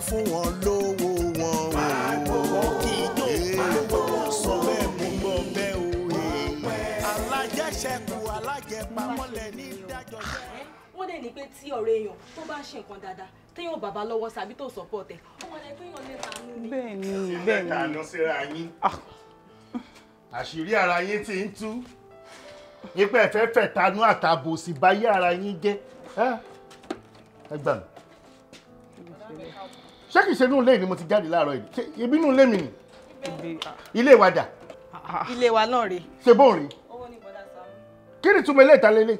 ń fún wọn lówó wọn o ìjó sọ bẹ́ẹ̀ mú gbọ́ bẹ́ẹ̀ o alájẹṣẹ́kù alájẹpamọ́lẹ̀ ní dájọ́ jẹ́. Ah, eh? wọ́n dẹ̀ ní pé tí ọ̀rẹ́ èèyàn tó bá ṣe nǹkan dáadáa téèyàn bàbá lọ́wọ́ sàbí tó support ẹ̀ ọmọ rẹ̀ téèyàn lè tànú ni. bẹ́ẹ̀ni bẹ́ẹ̀ni. ẹ̀ka àná síra yín ah. àṣírí ara yín ti ń tú nípa ẹ̀fẹ́ fẹ̀tanú àtàbò sì báyé ara yín jẹ́ ẹ gbà mí ṣé kìí ṣe inú ilé ni mo ti jáde láàárọ̀ yìí ṣe ibi inú ilé mi ni ilé wa dà. ilé wa náà rè. ṣe bóun rè. owó ní bọ́dà sáwọn. kí ni túmọ̀ ilé ìta lélẹ̀.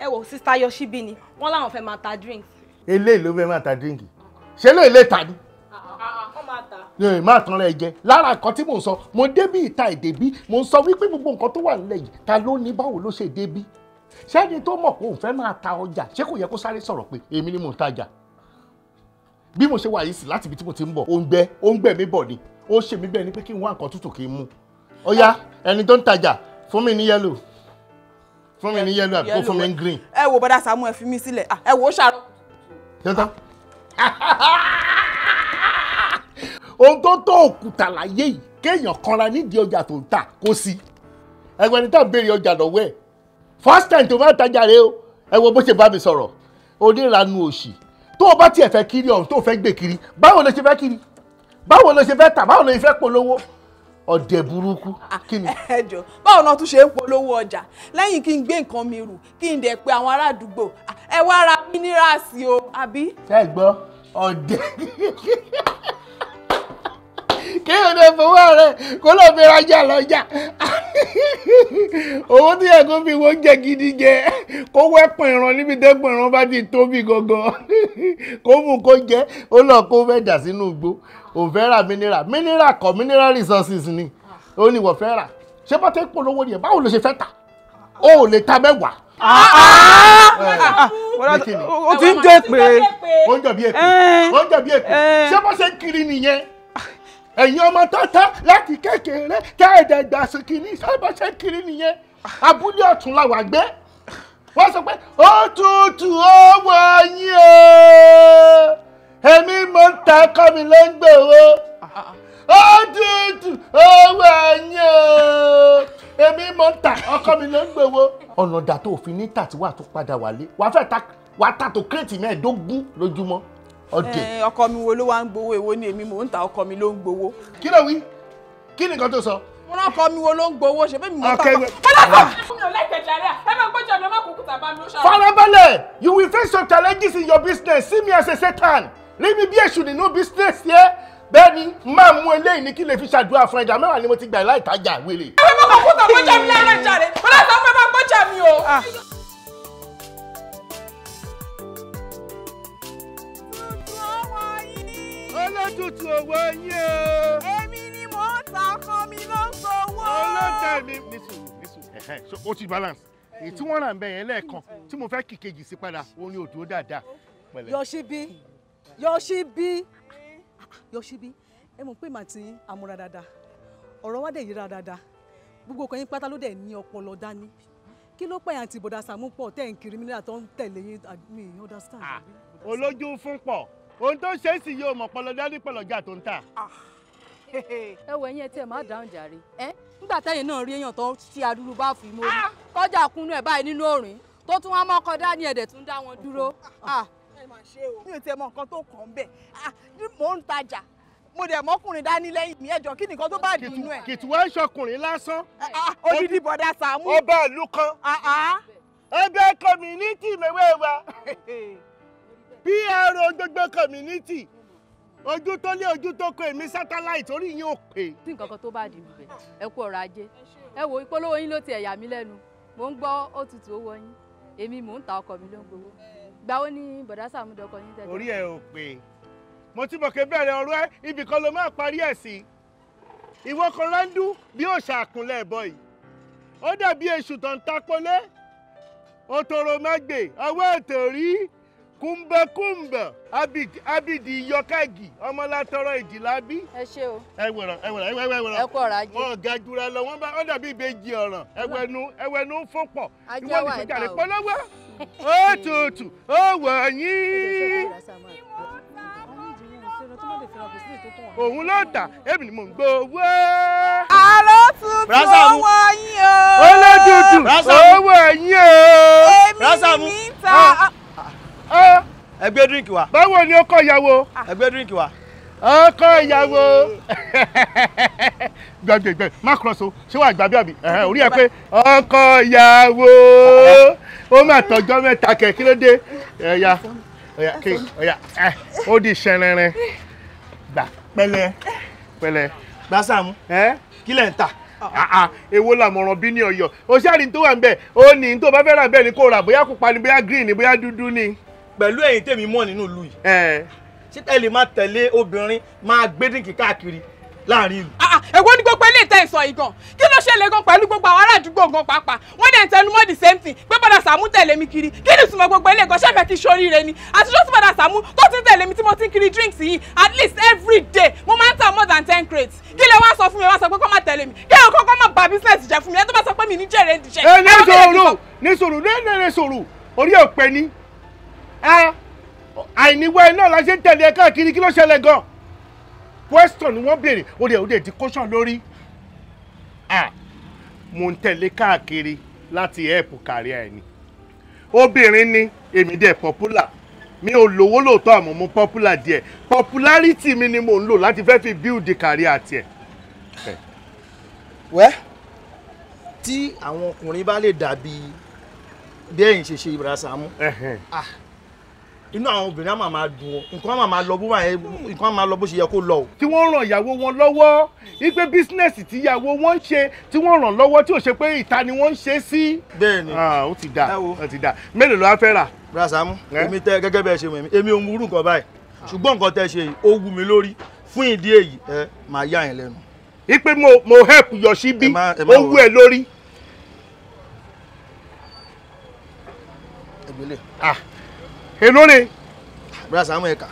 ẹ wo sista Yoshibi ni wọn làwọn fẹ́ máa ta drink. eléyìí ló fẹ́ máa ta drink ṣé ló ilé ìta ni. wọ́n máa ta. ẹ máa tan rẹ jẹ lára nǹkan tí mò ń sọ mo débí ìta ìdèbí mo ń sọ wípé gbogbo nǹkan tó wà nílẹ̀ yìí ta ló ní báwo ló ṣe débí ṣé ẹni tó mọ̀ kó òun fẹ́ máa ta ọjà ṣé kò yẹ kó sáré sọ̀rọ̀ pé èmi ni mò ń tajà bí mo ṣe wà yìí sí láti ibi tí mo ti ń bọ̀ òǹgbẹ òǹgbẹ mi bọ̀ ni ó ṣe mí bẹ́ẹ̀ ni pé kí n wá nǹkan tútù kí n mú ó yá ẹni tó ń tajà fún mi ní yẹ́lò fún mi ní yẹ́lò àbí kó fún mi ní green. ẹ wo bọ́dá Sàámú ẹ fi mí sílẹ̀ ah, ẹ wò ó ṣàrò. yọtá ohun tó tó òkúta láyé yìí kéèyàn kanra nídìí ọjà tó ń tà kó sí ẹgbẹ́ ni tá à ń béèrè ọjà lọ́wọ́ ẹ̀ first time tó bá tajà rẹ o ẹ wo bó ṣe bá mi sọ̀rọ̀ oníranu òṣì tó o bá tiẹ̀ fẹ́ kiri ọ̀hún tó o fẹ́ gbé kiri báwo ló ṣe fẹ́ kiri báwo ló ṣe fẹ́ tà báwo ló ṣe fẹ́ polówó ọ̀dẹ̀ burúkú ah, kí ni. ẹ jọ báwo náà tún ṣe ń polówó ọjà lẹ́yìn kí n gbé nǹkan mi rù kí n dẹ̀ pe àwọn ará àdúgbò ah, ẹ wá ra mínírààsì o àbí. ẹ gbọ́ ọ̀dẹ̀ kí ni o lè fowó rẹ kó lóò fi rajà lọ́jà owó tí yẹ kó fi wo jẹ gidi jẹ kó wẹ́pọ̀ ìran níbi dẹ́pọ̀ ìran bá ti tóbi gangan kó mú kó jẹ ó lọ kó fẹ́ dà sínú igbó òun fẹ́ ra mineral mineral kọ mineral resources ni ó ní wọ́n fẹ́ rà ṣé bá tẹ́ pọ̀ lówó nìyẹn báwo ló ṣe fẹ́ tà ó lè ta mẹ́wàá o ti ń jẹ́ pé o ń jọ bí èpè o eh. ń jọ bí èpè eh. ṣé bó ṣe ń kiri nìyẹn ẹ̀yin ọmọ tọ́tọ́ láti kékeré tẹ́ ẹ̀dẹ̀ gbàsó kìíní sábàṣẹ́ kiri nìyẹn abúlé ọ̀tún la wà gbé wọ́n sọ pé òtútù ó wọ yín o èmi mo ń ta ọkọ mi ló ń gbòòrò òtútù ó wọ yín o èmi mo ń ta ọkọ mi ló ń gbòòrò. ọ̀nà dàtọ̀ òfin ní tàtiwá tó padà wálé wàá fẹ́ ta wàá ta tó kírètì mẹ́ẹ̀ẹ́dógún lójúmọ́. Eh, ọkọ mi wo ló wá ń gbowó èwo ni èmi mò ń ta ọkọ mi ló ń gbowó. kí ló wí kí ni nǹkan tó sọ. mo rán ọkọ mi wo ló ń gbowó ṣe bẹ́ẹ̀ mi mò ń ta ọkọ. ọkọ ah! mi ò lẹ́kẹ̀ẹ́ jàre ẹ máa gbọ́dọ̀ ọ̀dọ́ mọ́kùnkùn tàbá mi you will face some challenges in your business see me as a satan me be a èṣù nínú business yẹn bẹ́ẹ̀ ni máa mú eléyìí ní kí lè fi ṣàdúrà fún ẹja mẹ́wàá ni mo ti gbà láì tajà wèrè. ẹ máa gbọ́dọ̀ gbọ́dọ̀ mi lẹ́rẹ̀ jàre ọlọ́sàn-án máa gbọ́dọ̀ mi o. olótùtù òwò yín o. èmi ni mò ń ta ọkàn mi ló ń gbowó. olóòtú mi ní sùúrù ní sùúrù. o ti balance èyí tí wọ́n rà ń bẹ yẹn lẹ́ẹ̀kan tí mo fẹ́ kìkejì sí padà òun ni òdúró dáadáa. Yoshibi Yoshibi Yoshibi ẹ mọ̀ pé màtí amúra dáadáa ọ̀rọ̀ wa dẹ̀ yíra dáadáa gbogbo kan yín pátá ló dẹ̀ ní ọpọlọ dání kí ló pẹ̀yà àti ìbòdà Sàámú pọ̀ tẹ̀ ń kiri mílíọ̀nù tó ń tẹ̀lé yín ah, mi understand. Ah, olójú fún pọ̀ ohun tó ṣe é sì yóò mọ̀ pọlọdá ní pọlọjà tó ń tà. Ah. ẹ wọ ẹyin ẹ tiẹ̀ má dáhùn jàre ẹ nígbà tẹ̀yin náà rí èèyàn tó ṣe àdúrú bá fi mórí ah. kọjá kúnú ẹ báyìí nínú òrìn tó tún wọn mọkọ dání ẹdẹ tún dá wọn dúró. Ah. mi ò tiẹ̀ mọ nǹkan tó kàn ń bẹ̀ mò ń tajà mo dẹ̀ mọ́kùnrin dání lẹ́yìn mi ẹjọ́ kí nìkan tó bá dì inú ẹ̀. kìtùwẹ́ ń ṣọkùnrin lásán. odidi bọ̀dá Sàámú. ọba ìlú kan. ẹgbẹ́ kọ́mínítì mẹ́wẹ́ẹ́ wa. pro gbogbo community ojú tó lé ojú tó kọ èmi satellite orí yín ò pé. tí nǹkan kan tó bá dì bẹ̀ ẹ kú ọ̀rọ̀ ajé ẹ wo ìpolówó yín ló ti ẹ̀yà mi lẹ́nu mò ń gbọ́ òtútù owó yín èmi mò ń ta ọkọ mi ló ń gbowó gbà ó ní bọ̀dá sàmúdọ́kọ yín tẹ́tẹ́. orí ẹ ò pé mo ti mọ̀ pé bẹ̀rẹ̀ ọ̀rọ̀ ẹ ibì kan ló máa parí ẹ̀ sí ìwọ kan rándú bí òòṣà àkúnlẹ̀ ẹ̀bọ yìí ó dàbí èṣù tó ń tapolé òtòrò mẹ́gbẹ̀ẹ́ ọwọ́ ètò rí kúmbẹ̀kúmbẹ̀ abidi abidi yọkági ọmọlátọrọ ìdìlábí. ẹ ṣe o. ẹ wẹ̀rọ ẹ wẹ̀rọ ẹ wẹ̀rọ. ẹ kọ ọ̀rọ̀ ajé. wọn ga jura lọ wọn bá wọn dàbí ìbejì ọ̀ràn ẹwẹ̀nu ẹwẹ̀nu fún pọ̀. ajá wa ìta o ìwọ nìkan jàre pọlọ́wọ́ ó tutù ó wọ̀ yín. òun ló tà èmi ni mò ń gbowó. àlọ́ tuntun owó yín o. ó ló tutù owó yín o. ẹ gbé drink wa. báwo ni ọkọ ìyàwó. ẹ gbé drink wa. ọkọ ìyàwó. gbẹgbẹgbẹ má cross o ṣé wàá gbàgbé àbí orí ẹ pé ọkọ ìyàwó ó mà tọjọ mẹ́ta kẹ kí ló dé ẹyà ẹyà kí ẹyà ó di ṣẹrẹrẹ gbà pẹ̀lẹ́ pẹ̀lẹ́ gbasamu kí lẹ ń tà èwo làmọ̀ràn bí ní ọ̀yọ́ o ṣáà ní tó wà ń bẹ̀ ó ní tó bá fẹ́ rà bẹ́ẹ̀ ni kò rà bóyá kópa ni bóyá green ni bóyá dudu ni pẹ̀lú ẹ̀yin tèmi mọ̀ nínú ìlú yìí ṣé ẹ lè máa tẹ̀lé obìnrin máa gbé dínkì káàkiri láàrin ìlú. Ah, ah, èwo ni gbogbo ilé ìtẹ́ ìsọ̀ yìí gan kí ló ṣẹlẹ̀ gan pẹ̀lú gbogbo àwọn ará àdúgbò gan pàápàá wọ́n dẹ̀ ń tẹnu mọ́ the same thing pé bọ́dà Sàámú tẹ̀lé mi kiri kí ni ìtumọ̀ gbogbo ilé gan ṣẹ́fẹ̀ kí sóríire ni àti ṣọ́ọ̀tì bọ́dà Sàámú tó ti ń tẹ̀lé mi tí mo ti ń kiri drinks yìí at least every day mo máa ń ta more than ten crates kí lè wá sọ fún mi wá sọ pé kó má tẹ̀lé mi kí ẹ̀rọ kọ́kọ́ má bà business jẹ́ fún mi ẹ tó bá sọ pé mi ní jèrè ń diṣẹ́. ẹ ní sòrò ní sòrò ní sòrò orí ò pẹ́ ní Ah, àìníwá iná la ṣe ń tẹ̀lé ẹ káàkiri kí ló ṣẹlẹ̀ gan question ni wọ́n béèrè ó dẹ̀ ó dẹ̀ di question lórí ah, mo ń tẹ̀lé káàkiri láti help career ẹ̀ ni obìnrin ni èmi dẹ̀ popular mi ò lówó lóòótọ́ àmọ́ mo popular díẹ̀ popularity mi ni mo ń lò láti fẹ́ fi build career tiẹ̀. wẹ́ tí àwọn ọkùnrin bá lè dàbí bí ẹ̀yin ṣe ṣe Ibrahim Sàámú inú àwọn obìnrin á máa máa dùn o nǹkan á máa lọ bó báyẹn nǹkan á máa lọ bó ṣe yẹ kó lọ o. tí wọ́n ràn ìyàwó wọn lọ́wọ́ wípé bísínẹ́sì tí ìyàwó wọn ń ṣe tí wọ́n ràn lọ́wọ́ tí ò ṣe pé ìta ni wọ́n ń ṣe sí. bẹ́ẹ̀ni ó ti dà ó ti dà mélòó ló wá fẹ́ rà. brasamu èmi tẹ gẹ́gẹ́ bẹ́ẹ̀ ṣe mọ̀ èmi èmi ò ń wúrú nǹkan báyìí ṣùgbọ́n nǹkan tẹ ṣe yìí ó wù mí lórí fún ìdí èyí ẹ máa yá yẹn lẹ́nu. ipe mo mo help yọ̀sí bí ó wù ẹ lórí. ẹgbẹ́lẹ̀. ah èló ni. àbúrò sàmú ẹ̀ka.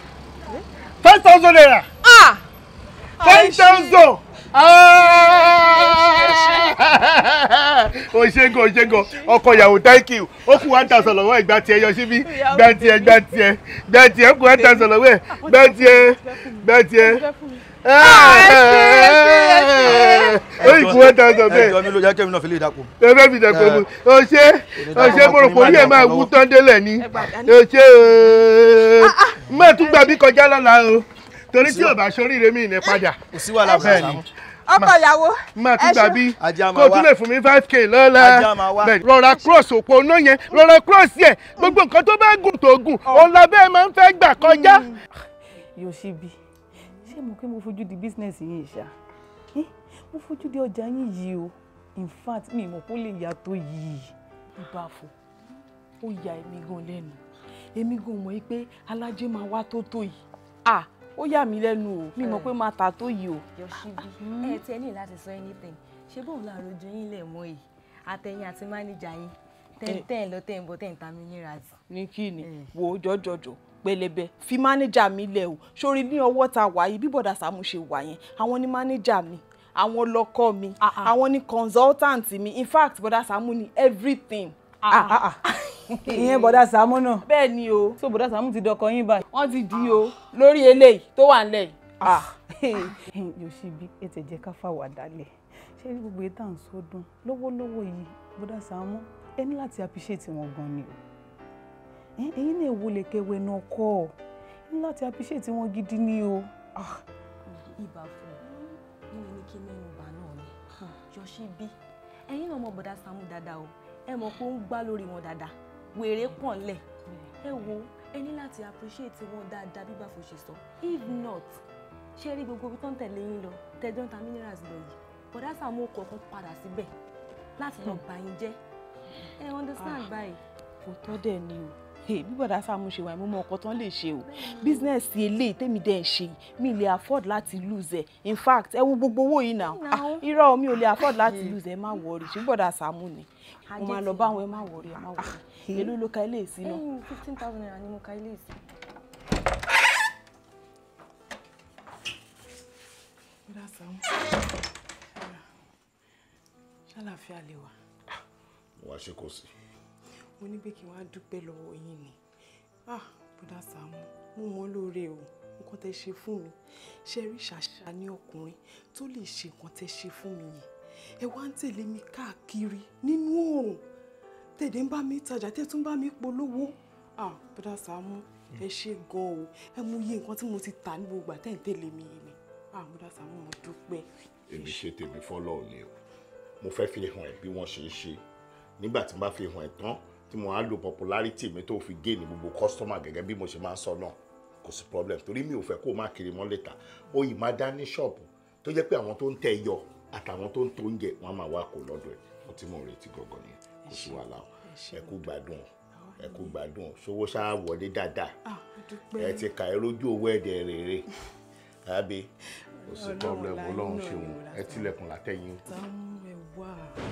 ten thousand naira. ah ten ah, thousand. òṣègùn ah! òṣègùn ọkọ ìyàwó thank you ó kù one thousand lọ́wọ́ ìgbà tiẹ̀ yọ síbí gbà tiẹ̀ gbà tiẹ̀ gbà tiẹ̀ ó kù one thousand lọ́wọ́ ẹ̀ gbà tiẹ̀ gbà tiẹ̀ orí kún one thousand bẹ́ẹ̀. ẹjọ́ mi ló jẹ́ kí èmi náà fi lè dàpọ̀. ẹ bẹ́ẹ̀ fi dàpọ̀ mu o ṣe o ṣe mo rò pé orí ẹ̀ máa wú tán délẹ̀ ni o ṣe o ah, ah. má tún gbà mí kọjá lọ́la o torí tí o bá ṣoríire mi ní padà. kò sí wàhálà bẹ́ẹ̀ ni ọkọ ìyàwó ẹ ṣe kò tún lè fún mi five k lọ́la rọra cross òpó iná yẹn rọra cross yẹ gbogbo nǹkan tó bá gùn tó gùn ọ̀la oh. bẹ́ẹ̀ máa ń fẹ́ gbà kọjá. Mm. yóò ṣe bíi ṣé mo kí mo fojú di business yín ṣá mo fojú di ọjà yín yìí o in fact mi mọ̀ kó lè yàtọ̀ yìí ìbáfo ó ya èmi gan lẹ́nu èmi gan mọ̀ pé alájẹ máa wá tó tó yìí ah ó yà mí lẹ́nu o mi mọ̀ pé máa tà tó yìí o. yọ̀ṣíbi ah, ẹ hmm. tiẹ̀ ní láti sọ anything ṣé bóun làrò ju yín lẹ̀ mọ́ yìí àtẹ̀yìn àti máníjà yín tẹ́ntẹ́n eh. lọ tẹ́ ń bọ̀ tẹ́ ń ní kí ni eh. wo jọjọjọ pẹlẹbẹ fi mánéjà mi lẹ o sórí ní ọwọ́ ta wà yìí bí bọ̀dà Sàámú ṣe wà yẹn àwọn ni mánéjà mi àwọn lọkọ mi ah, ah. àwọn ni consultant mi in fact bọ̀dà Sàámú ni everything. Ah, ìyẹn bọ̀dà Sàámú náà. bẹ́ẹ̀ ni o. so bọ̀dà Sàámú ti dọkọ yín báyìí. wọ́n ti di o lórí eléyìí tó wà nílẹ̀ yìí. Yosibi ètè jẹ́ ká fàwà dálẹ̀ ṣé gbogbo ètò à ń sọdún lọ́wọ́lọ́wọ́ yìí bọ̀dà Sàámú ẹ ní láti appreciate wọn gan ni o ẹ̀yin náà wo lè kẹwẹ́ náà kọ́ ọ ní láti appreciate wọn gidi ni o. ibà ah. fún mi mo ní kí mẹ́nu bà náà ni yọ ṣe bí ẹ̀yin náà mọ bọ̀dá Sàámú dáadáa o ẹ mọ̀ pé ó ń gbá lórí wọn dáadáa wèrè pọ̀n lẹ̀ ẹ wo ẹ ní láti appreciate wọn dáadáa bí bàfọ̀ ṣe sọ if not ṣé rí gbogbo ibi tó ń tẹ̀lé yín lọ tẹ̀dọ́ ta minerals lọ yìí bọ̀dá Sàámú kọ̀ọ̀kan padà síbẹ̀ láti lọ hmm. bá yín jẹ́ ẹ understand ah. báyìí. kò tọ́ dẹ̀ ni o bí bọ̀dá Sàámú ṣe wà mo mọ ọkọ tán lè ṣe o business eléyìí tèmi dẹ̀ ń ṣe mi lè afford láti lose in fact ẹ wo gbogbo owó yìí náà ah, irọ́ mi ò lè afford láti lose ẹ̀ má wọrí ṣé bọ̀dá Sàámú ni mo máa lọ bá àwọn ẹ má wọrí ẹ má wọrí ah, èló ló ka ilé ìsìn náà. ẹyin fifteen thousand naira ni mo ka ilé ìsìn. bọ̀dá Sàámú ṣàlàfíà lè wà. wàá ṣe kò sí mo ní pé kí wọ́n á dúpẹ́ lọ́wọ́ yín ni ah bùdá Sàámú mo mọ lóore o nǹkan tẹ́ ṣe fún mi ṣe rí ṣàṣà ní ọkùnrin tó lè ṣe nǹkan tẹ́ ṣe fún mi yẹn ẹ wá ń tẹ̀lé mi káàkiri nínú oòrùn tẹ̀dẹ̀ ń bá mi tajà tẹ̀ tún bá mi polówó ah bùdá Sàámú ẹ ṣe gan o ẹ mú iye nǹkan tí mo ti tà ní gbogbo àtẹ̀ ń tẹ̀lé mi yìí ni ah bùdá Sàámú mo dúpẹ́. èmi ṣe tèmi fọlọ́ọ̀ ni o mo fẹ́ fi hàn ẹ́ bí wọ́n ṣe ń ṣe nígbà tí mo bá fi hàn ẹ́ tán tí mo á lo popularity mi tó fi gain gbogbo customer gẹ́gẹ́ bí mo ṣe máa ń sọ náà kò sí problem torí mi ò fẹ́ kó o má kiri mọ́ lẹ́tà oyè máa dá ní ṣọ́ọ̀bù tó jẹ́ pé àwọn tó ń tẹ yọ àtàwọn tó ń to oúnjẹ wọn máa wá kó lọ́dọ̀ ẹ̀ mo ti mọ̀ retí gọ̀gọ̀ ni kò sí wàhálà o ẹ kú gbádùn o ẹ kú gbádùn o ṣòwò ṣáà wọlé dáadáa ah, ẹ ti kà ẹ lójú owó ẹ̀dẹ̀ rere àbí kò sí problem ọlọ́run ṣeun ẹ tilẹ̀kùn látẹ̀yìn. táwọn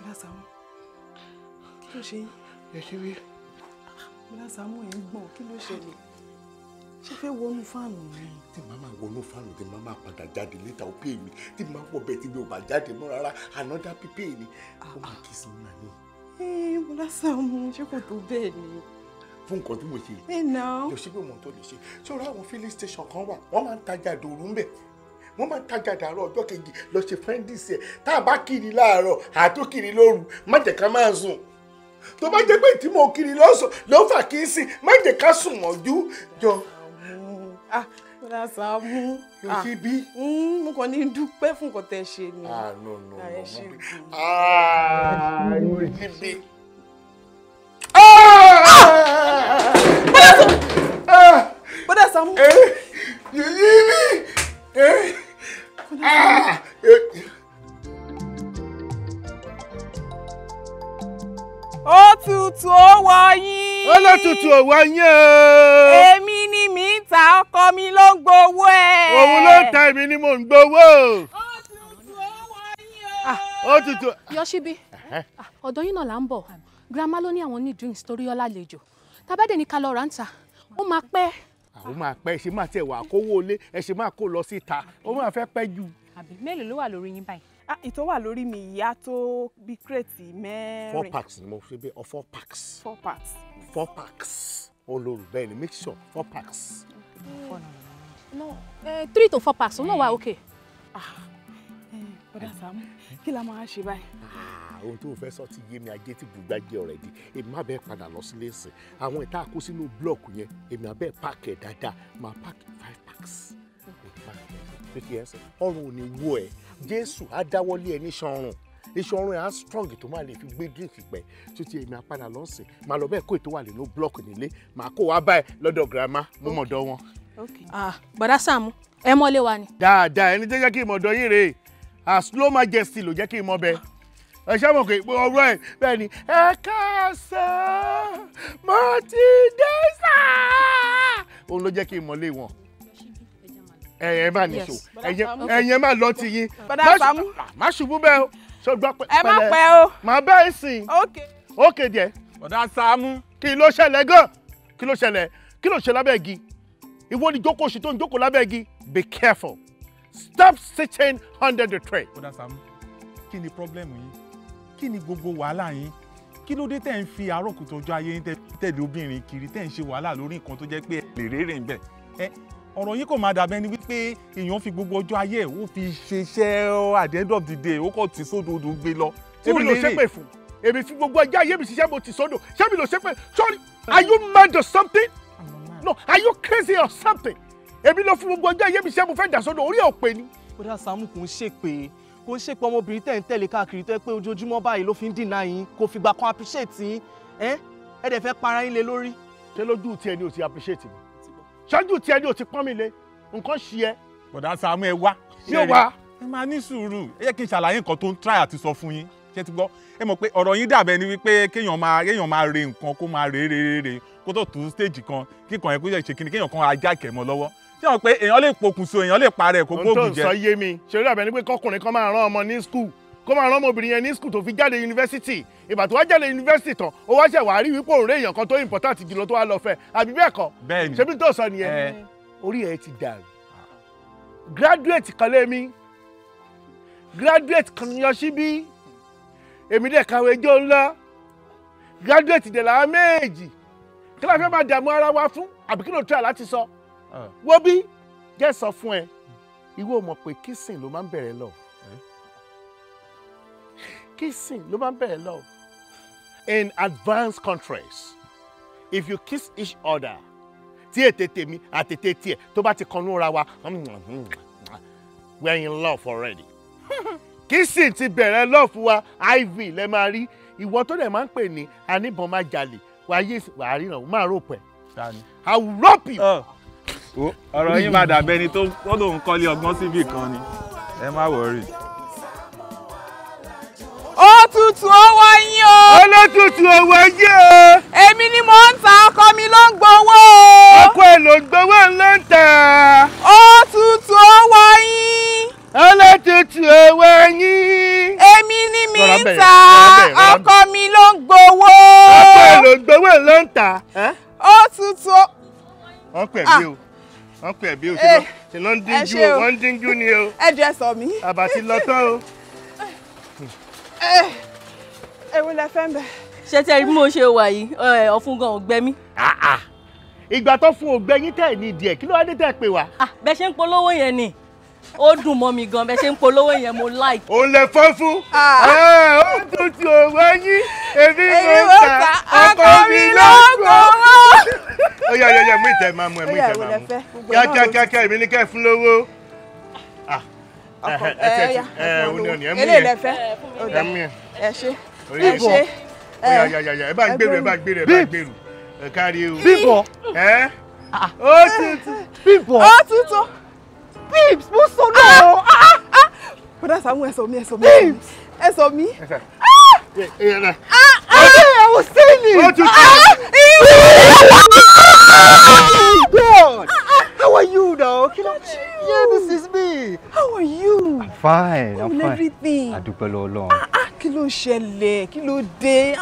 Múlásàmú kí ló ṣe yín? Ẹ ṣe wí. Múlásàmú ẹ̀ ń gbọ̀n kí ló ṣẹlẹ̀? Ṣé fẹ́ wọnú fáànù ni? Tí màá máa wọnú fáànù tí màá máa padà jáde létà ó pè mí tí màá wọ bẹ́ẹ̀ tí mi ò bá jáde mọ́ rárá ànádá pípé ni. Ah, ó máa ah. kí sí màá ní. Ẹ eh, Múlásàmú ṣé kò tó bẹ́ẹ̀ ni? fún nǹkan tí mo ṣe. ẹ eh, nà. yóò ṣe pé mo tó lè ṣe ṣọ́ra àwọn filling station kan wà wọ́n máa ń tajà wọ́n máa ń tajà dàárọ̀ ọjọ́ kejì lọ ṣe fẹ́ndìsì ẹ̀ tá a bá kiri láàárọ̀ àtó kiri lóru má jẹ́ ká máa sùn tó bá jẹ́ pé tí mo kiri lọ́sọ̀ ló fà kí n sìn má jẹ́ ká sùn mọ́jú jọ. Bọ́dà Sàámú. Yóò ṣe ah, bí. Hmm, mo kàn ní dúpẹ́ fún nǹkan tẹ́ ṣe ni. Ah no no no. Yóò ah, ṣe Ah yóò ṣe bí. Ah. wá yẹn. èmi ni mi ń ta ọkọ mi ló ń gbowó ẹ. òun ló ń ta èmi ni mò ń gbowó. òtútù ah. ó wá yẹn. òtútù. yọ̀ṣíbí ah, ọ̀dọ̀ yín náà là ń bọ̀ grandma ló ní àwọn ní drinks torí ọlá àlejò tabade ní kalọ rántà ó máa pẹ́. àwọn máa pẹ́ ṣe máa tẹ̀ wá kówó ilé ẹ ṣe máa kó lọ síta ó máa fẹ́ pẹ́ jù. àbí mélòó ló wà lórí yín báyìí ìtọ́ ah, wà lórí mi ìyá tó bí kírètì mẹ́rin. four packs ni mo fi bí ọ four packs. four packs. four packs olórí bẹ́ẹ̀ ni make sure four packs. no eh, three to four packs ọ̀nà wa mm. okay. Ah, eh, bọ́dà Sàámú kí la máa ṣe báyìí. Ah, ohun tó o fẹ́ sọ ti yé mi ajé tí bùgbà jẹ́ ọ̀rẹ́ di èmi má bẹ́ẹ̀ padà lọ sílé ẹ̀sìn àwọn ìta àkó sínú blọọkù yẹn èmi á bẹ́ẹ̀ páàkì ẹ̀ dáadáa máa páàkì five packs. Mm. ọrùn ò ní wú ẹ jésù á dáwọ́lé ẹ ní sanrun iṣan ọrùn yẹn á strong tó máa lè fi gbé drink pẹ tó ti èmi apadà lọ́sìn máa lọ bẹ́ẹ̀ kó ètò wà nínú block nílé màá kó wá báyìí lọ́dọ̀ girama mo mọ̀ wọn. Ah, bọ̀dá Sàámú ẹ mọ́lé wa ni. dáadáa ẹni jẹ́ kí n mọ̀ rèé as low majesty ló jẹ́ kí n mọ̀ ẹ ṣe mọ̀ pé ọ̀rọ̀ ẹ̀ bẹ́ẹ̀ ni ẹ káàsán mo ti dé sáà òun ló jẹ́ kí n wọn ẹyẹ bá ní so ẹyẹ má lọ ti yín má ṣubú ah, bẹ́ẹ̀ o ṣó gbọ́ pẹ́ ẹ má pẹ́ o má bẹ́ẹ̀ sìn ókè díẹ̀. bọ̀dá Sàámú. kí ló ṣẹlẹ̀ gan kí ló ṣẹlẹ̀ kí ló ṣe lábẹ́ igi ìwọ ni jókòó ṣì ń jókòó lábẹ́ igi be careful stop sitting under the tree. bọ̀dá Sàámú kí ni pọ́blẹ́mù yín kí ni gbogbo wàhálà yín kí ló dé tẹ̀ ń fi àárọ̀ kùtọ́jú ayé yín tẹ̀lé obìnrin kiri tẹ̀ ń ṣe wàhálà lórí nǹkan tó jẹ́ pé lè rérè ń ọ̀rọ̀ yín kò máa dàbẹ́ ni wípé èèyàn fi gbogbo ọjọ́ ayé ẹ̀ ó fi ṣiṣẹ́ at the end of the day ó kọ̀ tí sódòdó gbé lọ. èmi ló ṣépè fún èmi fi gbogbo ọjọ́ ayé mi ṣiṣẹ́ mo ti sódò ṣébi ló ṣépè sorry are you mad or something no are you crazy or something èmi ló fi gbogbo ọjọ́ ayé mi ṣiṣẹ́ mo fẹ́ dà sódò orí òpè ni. kódà Sàámù kò ń ṣèpè kò ń ṣèpè ọmọbìnrin tẹ̀ ń tẹ̀lé káàkiri tó yẹ pé ojoojúmọ́ báyìí ló fi ń dìnnà yín kò fìgbà kan appreciate yín ẹ ẹ dẹ̀ fẹ́ para yín lé lórí. ṣé lójú tiẹ̀ ni o ti appreciate mi ṣáájú tiẹ̀ ni o ti pọ́n mi lé nǹkan ṣe ẹ. bọ̀dá Sàámú ẹ wá. ṣé wá. ẹ máa ní sùúrù ẹ yẹ kí n ṣàlàyé nǹkan tó ń try àti sọ fún yín ṣé ti gbọ́ ẹ mọ̀ pé ọ̀rọ̀ yín dàbẹ̀ ni wípé kéèyàn máa kéèyàn máa re nǹkan kó máa re re re re kó tó tú stage kan kíkan ẹ kó ṣe kíni kéèyàn kan ajá kẹ̀mọ́ lọ́wọ́ ṣé wọn pé èèyàn lè pokùnso èèyàn lè parẹ́ kó gbóògùn jẹ. ohun tó ń sọ yé mi ṣeré àbẹ̀ ni pé kọkùnrin kan máa rán ọmọ ní school kó máa rán ọmọbìnrin yẹn ní skul tó fi jáde yunifásitì ìgbà tó wá jáde yunifásitì tán ó wá ṣẹ̀ wá rí wípé òun rẹ èèyàn kan tó important jùlọ tó wá lọ fẹ́ àbí bẹ́ẹ̀ kọ́ ṣebí tó sọ nìyẹn orí ẹ̀ ti dàrú graduate kan lémi graduate kan yan síbí èmi dẹ̀ kàwé jó ńlá graduate dẹ̀ làwọn méjì kí la fẹ́ máa dààmú ara wa fún àbí kí ló try láti sọ ah. wo bí jẹ́ sọ fún ẹ ìwọ mọ̀ pé kissing ló máa ń bẹ̀rẹ̀ love kissing ló máa ń bẹ̀rẹ̀ love. in advanced countries if you kiss each other tí ètè tèmi àtètè tiẹ̀ tó bá ti kanú ra wa mm, mm, mm, we are in love already. kissing ti bẹ̀rẹ̀ love wa ivy lẹ máa rí ìwọ tó dẹ̀ máa ń pè ní aníbọn máa jalè wàá yé wàá ríran máa rò pẹ̀. I will rope you. Uh ọ̀rọ̀ yín máa dàbẹ́ ni tó lóun kọ́lé ọgbọ́n síbì kan ni ẹ má wọrí òtútù owó yín o. olótùtù owó yín o. èmi ni mò ń ta ọkọ mi ló ń gbowó o. ọkọ ẹ ló ń gbowó ló ń tà. òtútù owó yín. olótùtù owó yín. èmi ni mi ń ta ọkọ mi ló ń gbowó. ọkọ ẹ ló ń gbowó ló ń tà. òtútù. wọ́n pẹ̀ mí o ah. wọ́n pẹ̀ bí o ṣe eh, ló ń dínjú o wọ́n ń dínjú ni o. ẹ jẹ́ sọ mí. àbàtì lọ tán o ẹ ẹ wo la fẹ́ ń bẹ̀. ṣé tẹ ẹ bí mo ṣe wà yìí ọ̀fun gan ò gbẹ mí. Ah, ah. ìgbà tó fún ògbẹ yín tẹ̀ ní ìdí ẹ̀ kí ló wá dé tẹ̀ pé wá. Ah, bẹ́ẹ̀ ṣe ń polówó yẹn ni ó dùn mọ́ mi gan bẹ́ẹ̀ ṣe ń polówó yẹn mo like. òun lè fọ́ fún. Eh, ó tún ti òwe yín èmi ló ń ta ọkọ mi ló ń gbowó. ó yà yà yà mú ìtẹ̀ máa mú ẹ mú ìtẹ̀ máa mú kíákíákíá èmi ní kẹ́ fún lówó ẹ ẹ eléyìí fẹ́ ẹ ṣe ẹ ṣe eh, ẹ bá ń gbèrú ẹ bá ń gbèrú ẹ bá ń gbèrú ẹ kárí o. bíbọ̀ ẹ ah, ah. ó tuntun bíbọ̀ ó tuntun bíbs mo sọ náà kódà Sàámú ẹsọ mi ẹsọ mi ẹsọ mi ó tuntun. How are you dog? Kí ló dé? Yeah, this is me. How are you? I'm fine. I'm fine. everything. Adúpẹ́ lọ́wọ́ Ọlọ́run. Ah, ah, kí ló ṣẹlẹ̀? kilo ló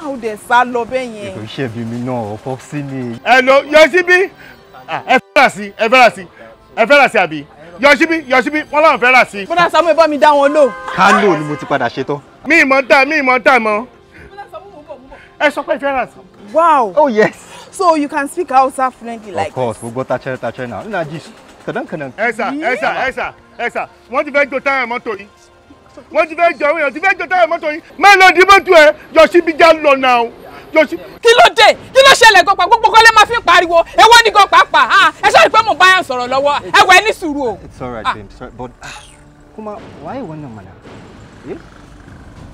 How the ò dẹ̀ sá lọ bẹ́ẹ̀ yẹn. Ètò iṣẹ́ bí mi me. Hello, sí Ah, Ẹ lọ yọ síbí. Ẹ fẹ́ rà sí, ẹ fẹ́ rà sí, ẹ fẹ́ rà sí àbí? Yọ síbí, yọ síbí, wọ́n láwọn fẹ́ me sí. Bọ́dà Samuel bá mi dá wọn lò. Kánò ni mo ti padà Wow. Oh yes so you can speak Hausa fluently like Of course, this. we'll go tachere tachere now. Una gist. Kadan kadan. Ẹ sà, ẹ Esa, ẹ sà, ẹ sà. Wọ́n ti fẹ́ jò táyà mọ́tò yìí. Wọ́n ti fẹ́ jọ àwọn èèyàn ti fẹ́ jò táyà mọ́tò yìí. Má lọ di mọ́tò ẹ, Jọ̀sí bí já lọ nà o. Jọ̀sí. Kí ló dé? Kí ló ṣẹlẹ̀ gan-an? Gbogbo kan lè máa fi pariwo. Ẹ wọ́n ní gan pàápàá. Ah, ẹ ṣáà pé mò bá yàn sọ̀rọ̀ lọ́wọ́. Ẹ wọ ní sùúrù o. It's alright ah. babe, sorry but ah, kuma waye wannan mana? Eh?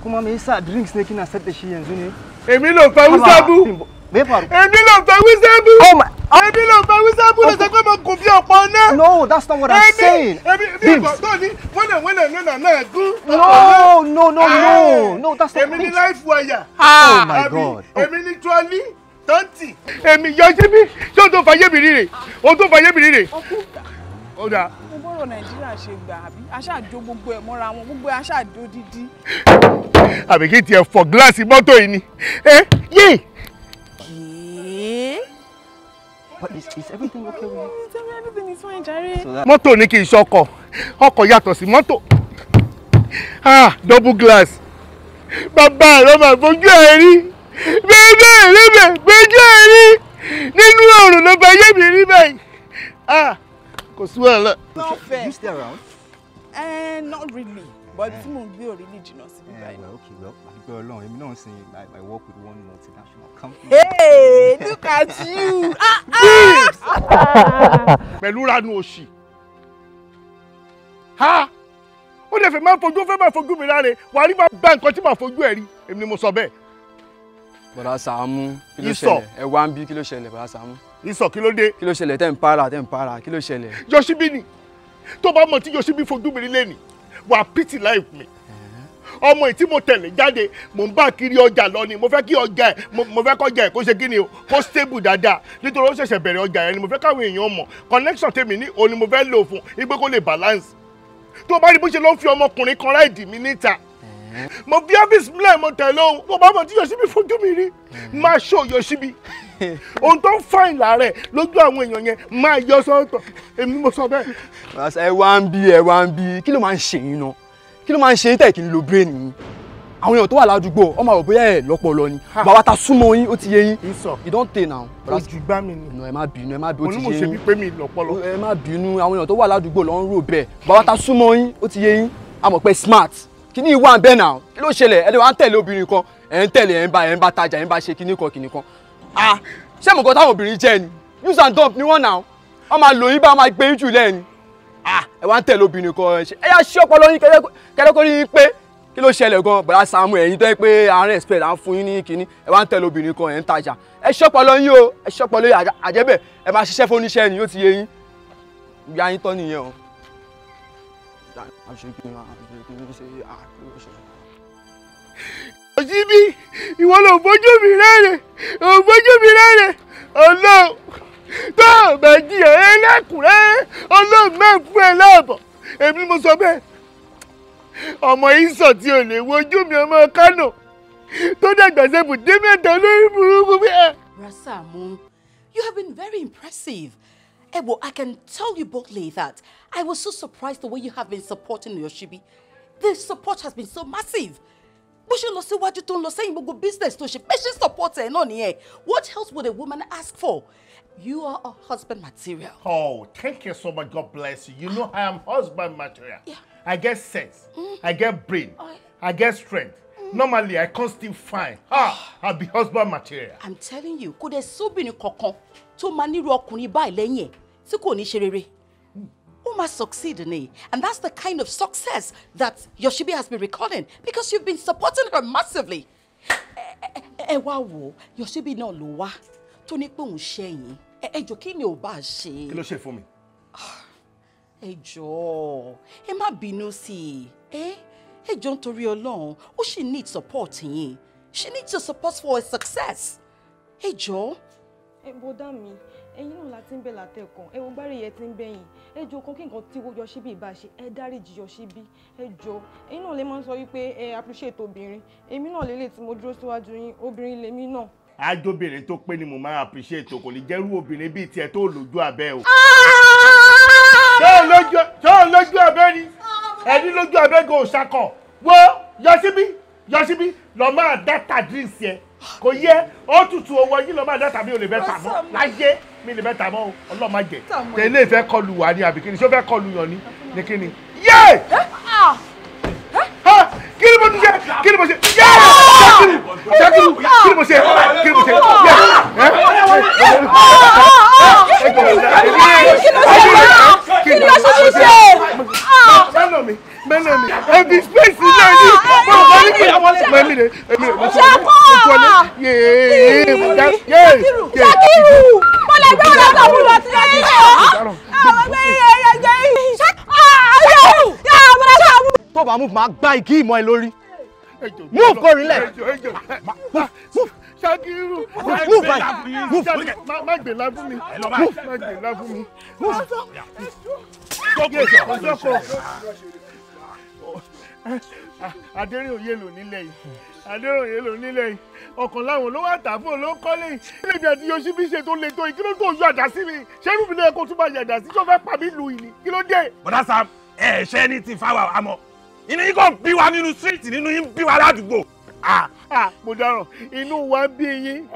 Kuma me yasa drinks ne kina sayar da shi yanzu ne? Èmi ló fa Hausa bú. Vapour. Èmi ló fẹ́ wíṣẹ́bù. Oh oh. Èmi ló fẹ́ wíṣẹ́bù ló sọ pé mo kùn bí ọ̀pọ̀ No, that's not what I'm saying. Èmi No, no, no, ah. no, no, that's not it. Èmi ní láìfù ọ̀yà. Ah. Oh my God. Èmi ní tuwali tọ́ǹtì. Èmi yọ ṣé mi ṣé o tó fa yé mi rírè? O tó fa yé mi rírè? Ó dáa. Mo bọ́rọ̀ Nàìjíríà ṣe gbà àbí aṣáàjò gbogbo ẹ̀ mọ́ra wọn gbogbo aṣáàjò dídí. Àbíkí tiẹ̀ fọ gíláàsì mọ́tò yìí ni. Ẹ yéé. But is, is everything okay with you? Tell oh, me everything is fine, Jare. So that... ni kì í ṣọkọ̀. Ọkọ̀ yàtọ̀ sí mọ́tò. Ah, double glass. Baba, rẹ̀ máa fojú ẹ̀ rí. Bẹ́ẹ̀ bẹ́ẹ̀ fojú ẹ̀ rí. Nínú ọ̀run mi rí báyìí. Ah, kò sí wàhálà. Not fair. Do you stay around? Uh, not really. But eh. tí mò ń gbé òrí lè jìnnà eh, Well, okay, well, àdúgbò Ọlọ́run, èmi náà ń sin I work with one multinational. Hey, look at you. ah, ah. Pẹ̀lú ranu òṣì. Ha! Ó lè fẹ́ máa fojú fẹ́ máa fojú mi láre. Wà á rí máa bá nǹkan tí màá fojú ẹ̀ rí. Èmi ni mo sọ bẹ́ẹ̀. Bọ̀dá Sàámú, kí ló ṣẹlẹ̀? Ẹ wá ń bí kí ló ṣẹlẹ̀ Bọ̀dá Sàámú? Ìsọ̀ kí ló dé? Kí ló ṣẹlẹ̀ tẹ́ ń para tẹ́ ń para kí ló ṣẹlẹ̀? Yọ̀ṣíbí ni. Tó bá mọ̀ tí Yọ̀ṣíbí fojú mi rí lẹ́nìí, wà á pìtì láì mi ọmọ yìí tí mo tẹ̀lé jáde mò ń bá kiri ọjà lọ ni mo fẹ́ kí ọjà ẹ̀ mo fẹ́ kọjá ẹ̀ kó ṣe kí ni o kó stable dáadáa nítorí ó ṣẹ̀ṣẹ̀ bẹ̀rẹ̀ ọjà ẹ̀ ni mo fẹ́ káwọn èèyàn mọ̀ connection tèmi ní òun ni mo fẹ́ lò fún igbé kó lè balance tó bá rí bó ṣe ló ń fi ọmọkùnrin kan ráìdì mi níta mo fi ọ́fíìsì mílẹ̀ mo tẹ̀lé òun mo bá mọ̀ tí Yosibi fojú mi rí máa ṣó Yosibi ohun tó ń fàìn láàrẹ̀ lójú àwọn èèyàn yẹn máa yọ sọ́tọ̀ èmi mo sọ bẹ́ẹ̀. ẹ wá ń bí ẹ wá ń bí kí ló máa ń ṣèyí náà kí ló máa ń ṣe tẹ̀ kí n lo brain yín àwọn èèyàn tó wà ládùúgbò ọmọ àwọn bóyá ẹ lọ́pọlọ ni bàbá ta súnmọ́ yín ó ti yé yín you don tey now. ojú gbá mi ni. ẹ má bínú ẹ má bínú ó ti yé yín onímọ̀ọ́sẹ̀ mi pé mi lọ́pọlọ. ẹ má bínú àwọn èèyàn tó wà ládùúgbò ló ń rò bẹ́ẹ̀ bàbá ta súnmọ́ yín ó ti yé yín àmọ̀ pé smart kíní ìwà bẹ́ẹ̀ náà kí ló ṣẹlẹ̀ ẹ lè wá ń tẹ̀lé obìnrin kan ẹ̀ ń tẹ̀lé ẹ̀ ń ba ẹ̀ ń ba tajà Ah, ẹ wá ń tẹ̀lé obìnrin kan ṣe ẹ yá ṣí ọpọlọ yín kẹlẹ́kọ́ ní pé kí ló ṣẹlẹ̀ gan bàrà Sàámú ẹ̀yin tó yẹ pé àárín expect à ń fún yín ní kínní ẹ wá ń tẹ̀lé obìnrin kan ẹ̀ ń tajà ẹ ṣí ọpọlọ yín o ẹ ṣí ọpọlọ yín àjẹbẹ̀ ẹ máa ṣiṣẹ́ fún oníṣẹ́ ni yóò ti yé yín ibi ayín tọ́ nìyẹn o. òsibí ìwọ ló fojú mi rẹ́rẹ̀ ò fojú mi rẹ́rẹ̀ ọlọ́ọ̀ tó o bẹ jí ẹ lẹ́kùnrẹ́ ọlọ́run náà fún ẹ láàbọ̀ èmi mo sọ bẹ́ẹ̀ ọmọ ìsọ̀ tí ò lè wojú mi ọmọ Kánò tó dàgbà sẹ́bù dé mẹ́ta lórí burúkú bí ẹ. Rasamu, you have been very impressive. Ebo, I can tell you boldly that I was so surprised the way you have been supporting Yoshibi. The support has been so massive. bó ṣe lọ síwájú tó ń lọ sẹ́yìn gbogbo business tó ṣe pé ṣe support ẹ̀ náà nìyẹn what else would a woman ask for? You are a husband material. Oh, thank you so much. God bless you. You know I am husband material. Yeah. I get sense. Mm. I get brain. I, oh, I get strength. Mm. Normally, I can't still find. Ah, I'll be husband material. I'm telling you, could dẹ̀ sóbìnrin kankan tó máa nírú ọkùnrin báyìí lẹ́yìn ẹ̀ tí kò ní ṣe rere. Ó succeed ni. And that's the kind of success that Yoshibi has been recording because you've been supporting her massively. Ewa wo, Yoshibi no ló wá tó ní ẹ jọ kí ni ò bá ṣe. kí ló ṣe fún mi. ẹ jọ ẹ má bínú sí i ẹ ẹ jọ nítorí ó sì need support yín she needs your support for her success ẹ jọ. ẹ bọ́dá mi ẹyin náà la ti ń bẹ látẹ̀kàn ẹ wo gbárí yẹn ti ń bẹ̀yìn ẹ jọ kan kí nǹkan tí wọ́n yọṣí bí ìbá ṣe ẹ dáríjì yọṣí bí ẹ jọ ẹyin náà lè máa ń sọ wípé ẹ appreciate obìnrin èmi náà lélẹ̀ tí mo dúró síwájú yín obìnrin lèmi náà ajóbìnrin tó pé ni mo máa appreciate o kò lè jẹ́rú obìnrin bíi tiẹ̀ tó lójú abẹ́ o. ṣé o lójú abẹ́ ni ẹni lójú abẹ́ kò ṣakọ̀ wọ́ yọ síbí yọ síbí lọ máa dátà drinks yẹn kò yẹ ó tutù owó yín lọ máa dátà mi ò lè fẹ́ tà mọ́ láyé mi lè fẹ́ tà mọ́ ọlọ́mọ tẹ̀lé ìfẹ́ kọlù wà ní àbí ṣé ó fẹ́ kọlù yàn ni ni kíni yé yẹ kí ni quero, ṣe yẹ ṣe kí ni mo ṣe kí ni mo ṣe yẹ ẹ kí ni o ṣe ṣe ṣe mẹ́nà mi mẹ́nà mi ẹbí space ní ẹni mo rò bá ní pé àwọn ọmọ mi rè mi rè mo tún ọdún yéé yéé Ṣakiru mo lè gbé ọ̀rọ̀ tó mú lọ sí ẹ̀yìn àwọn ọmọ ẹ̀yẹ tó bá mú ma gbá igi ìmọ̀ ẹ lórí move kò rinlẹ̀ ṣakiru move báyìí ah, move má gbè lá fún mi má gbè lá fún mi move. adéròyè lò nílẹ̀ yìí adéròyè ló nílẹ̀ yìí ọkàn láwọn ló wà tà fún un ló ń kọ́lé yìí níbi àti yọsí bí ṣe tó le tó yìí kí ló tó yọ àdá sí mi ṣé irú mi lè kó túbọ̀ yàdá sí tí wọ́n fẹ́ pa mí lù yìí ni kí ló dé. bọ́dá Sam ẹ̀ ṣẹ́ ní ti fáwọn àmọ́ inú yín kò bí wa nínú síìtì nínú yín bí wa ládùúgbò. mo dáràn inú wa bí yín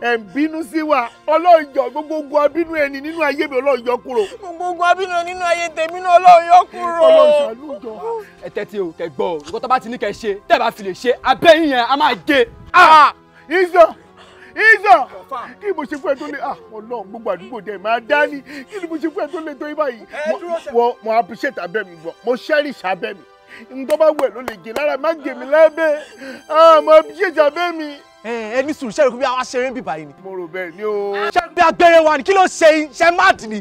ẹ̀ ń bínú sí wa ọlọ́ọ̀yọ̀ gbogbo abínú ẹni nínú ayé mi ọlọ́ọ̀yọ̀ kúrò. gbogbo abínú ẹni nínú ayé tèmi náà ọlọ́ọ̀yọ̀ kúrò. ọlọ́ọ̀ṣàlù jọ. ẹ tẹ́tí o kẹ gbọ́ o nǹkan tó bá ti ní kẹ ṣe tẹ́ bá fi lè ṣe abẹ́yìn yẹn a máa gé. ìṣọ ìzọ kí mo ṣe fún ẹ tó lé ah Ọlọ́run gbogbo àdúgbò dẹ máa dání kí ni mo ṣe fún ẹ tó lé tó yín báyìí mo appreciate abẹ mi gbọ mo cherish abẹ mi ntọ́ bá wẹ̀ ló lè gé lára má gé mi lábẹ́ àmọ́ jíjà bẹ́ẹ̀ mi. ẹni sùn ṣẹ́rù bí àwa ṣeré ń bì báyìí ni. mo rò bẹ́ẹ̀ ni o. ṣẹ́rù bí agbẹ́rẹ́ wa ni kí ló ṣe ṣe máàdì ni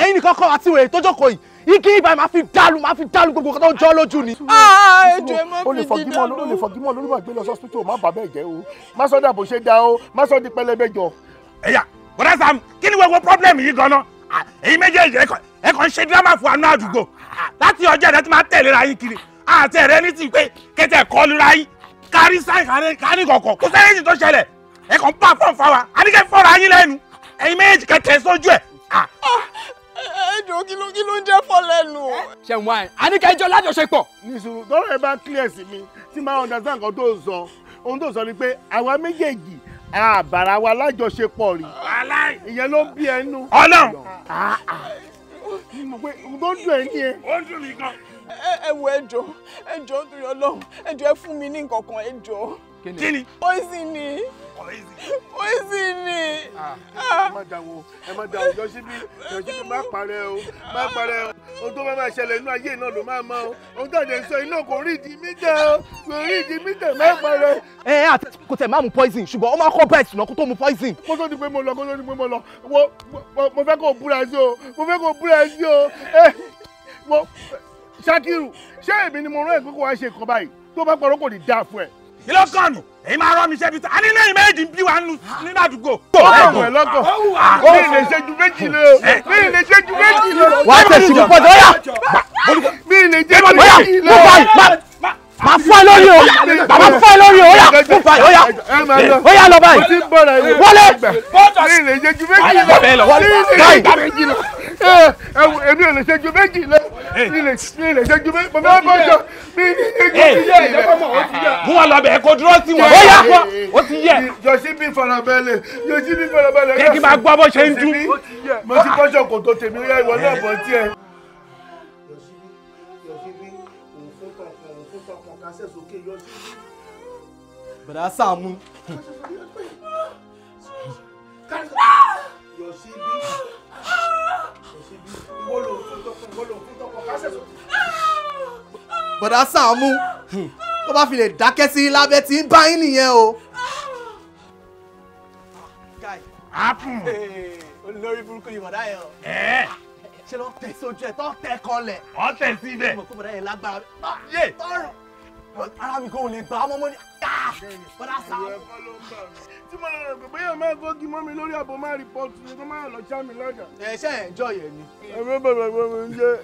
ẹ̀yin nìkan kọ́ àti wèrè tó jókòó yìí igi ibà máa fi dàlú máa fi dàlú gbogbo kan tó jọ lójú ni. ètò ẹ méjèèjì ẹ̀kọ́ ń ṣe dírámà fún àánú àdúgbò láti ọjọ́ ẹ̀dá tí máa tẹ̀lé ra yín kiri àti ẹ̀rẹ́ ní ti pé kẹ́tẹ́ ẹ̀kọ́ lura yín kárí sáì kárí kọ̀ọ̀kan kó sẹ́yìn tó ṣẹlẹ̀ ẹ kàn ń bá fọ́ọ̀n fáwa àdìgẹ́ fọ́ọ̀rọ̀ ayín lẹ́nu ẹ̀yin méjèèjì kẹtẹ sójú ẹ̀. Ah, ẹ̀dùn kí ló kí ló ń jẹ́ fọ́ lẹ́nu. ṣẹ̀wọ̀n àyè àdìgẹ́ ìjọ lájọṣepọ̀. nìṣòro tọ́rọ̀ ẹ bá clear sí mi tí máa understand nǹkan tó ń sọ ohun tó ń sọ ni pé àwa méjèèjì àbàrà wa lájọṣepọ̀ rí ìyẹn ló ń bí ẹnu. Ọlọ́run. Ah, ah. mo pe ohun tó ń dùn ẹ ní ẹ. ó ń dùn mí gan ẹ wo ẹjọ ẹjọ nítorí Ọlọ́run ẹjọ ẹ fún mi ní nǹkan kan ẹjọ. kí ni. poison ni poison ni. Ah, ah. ẹ má dáwọ́ ẹ má dáwọ́ yọ síbí yọ síbí má parẹ́ o má parẹ́ o ohun tó bá máa ṣẹlẹ̀ inú ayé náà ló máa mọ o ohun tó àjẹ sọ iná kò rí ìdí mítẹ o kò rí ìdí mítẹ má parẹ́. ẹ ẹ àti kò tẹ máa mu poison ṣùgbọ́n ó máa kọ́ bẹ́ẹ̀ sùnà kó tó mu poison. kó tó di pé mo lọ kó tó di pé mo lọ mo fẹ́ kó búra sí o mo fẹ́ kó búra sí o ẹ mo. Ṣakiru ṣé èmi ni mo rán ìgbókò wá ṣe nǹkan báyìí tó bá gbọ́dọ̀ kò ní dáa fún ẹ. ìlọ́kàn mi èyí máa rán mi ṣe bíi ta àní lẹ́yìn méjì bí wàá nù nínú àdúgbò. ọ̀hún ẹ̀ lọ́kàn mi ì lè ṣe ju méjì lọ mi ì lè ṣe ju méjì lọ. wà á tẹ̀sí púpọ̀ dọ́là mi ì lè ṣe ju méjì lọ. màá fọ́ ẹ lórí o màá fọ́ ẹ lórí o ó yá ó yá ó yá wọlé. mi ì ju méjì lọ mi èmi ò lè ṣe ju méjì lẹ mi lè ṣe ju méjì mo máa ń bọ́jọ mi ní ní ju méjì lẹ. mú wa lọbẹ kó dúró sí wọn. ó yà pọ ó ti yẹ. yọsí mi farabalẹ̀ yọsí mi farabalẹ̀. kí n máa gbọ́ bó ṣe ń dún. mo ti bọ́jọ kò tó tèmi rẹ ìwọ náà bọ́ tiẹ̀. bàdá Sàámú. bọ̀dá Sàámú tó bá fi lè dákẹ́ sí lábẹ́ tí ń bá yín nìyẹn o. apun. olórí burúkú yìí bọ̀dá yẹn o. ẹ ṣe ló tẹ sójú ẹ tó tẹ kọlẹ̀. ọ tẹ síbẹ̀. mo kó bọ̀dá yẹn lágbára. yé tọrùn ara mi kò lè gbà á mọ́mọ́ ní. bọ̀dá Sàámú. tí mo lọ rẹ̀ pé bóyá máa gógì mọ́ mi lórí àbọ̀ máa rìpọ́tù ni kó máa lọ já mi lọ́jà. ẹ ṣe ẹ̀ ń jọ yẹn ni. ẹ bẹ́ẹ̀ bẹ́ẹ̀ bẹ́ẹ̀ bẹ́ẹ̀ ń jẹ́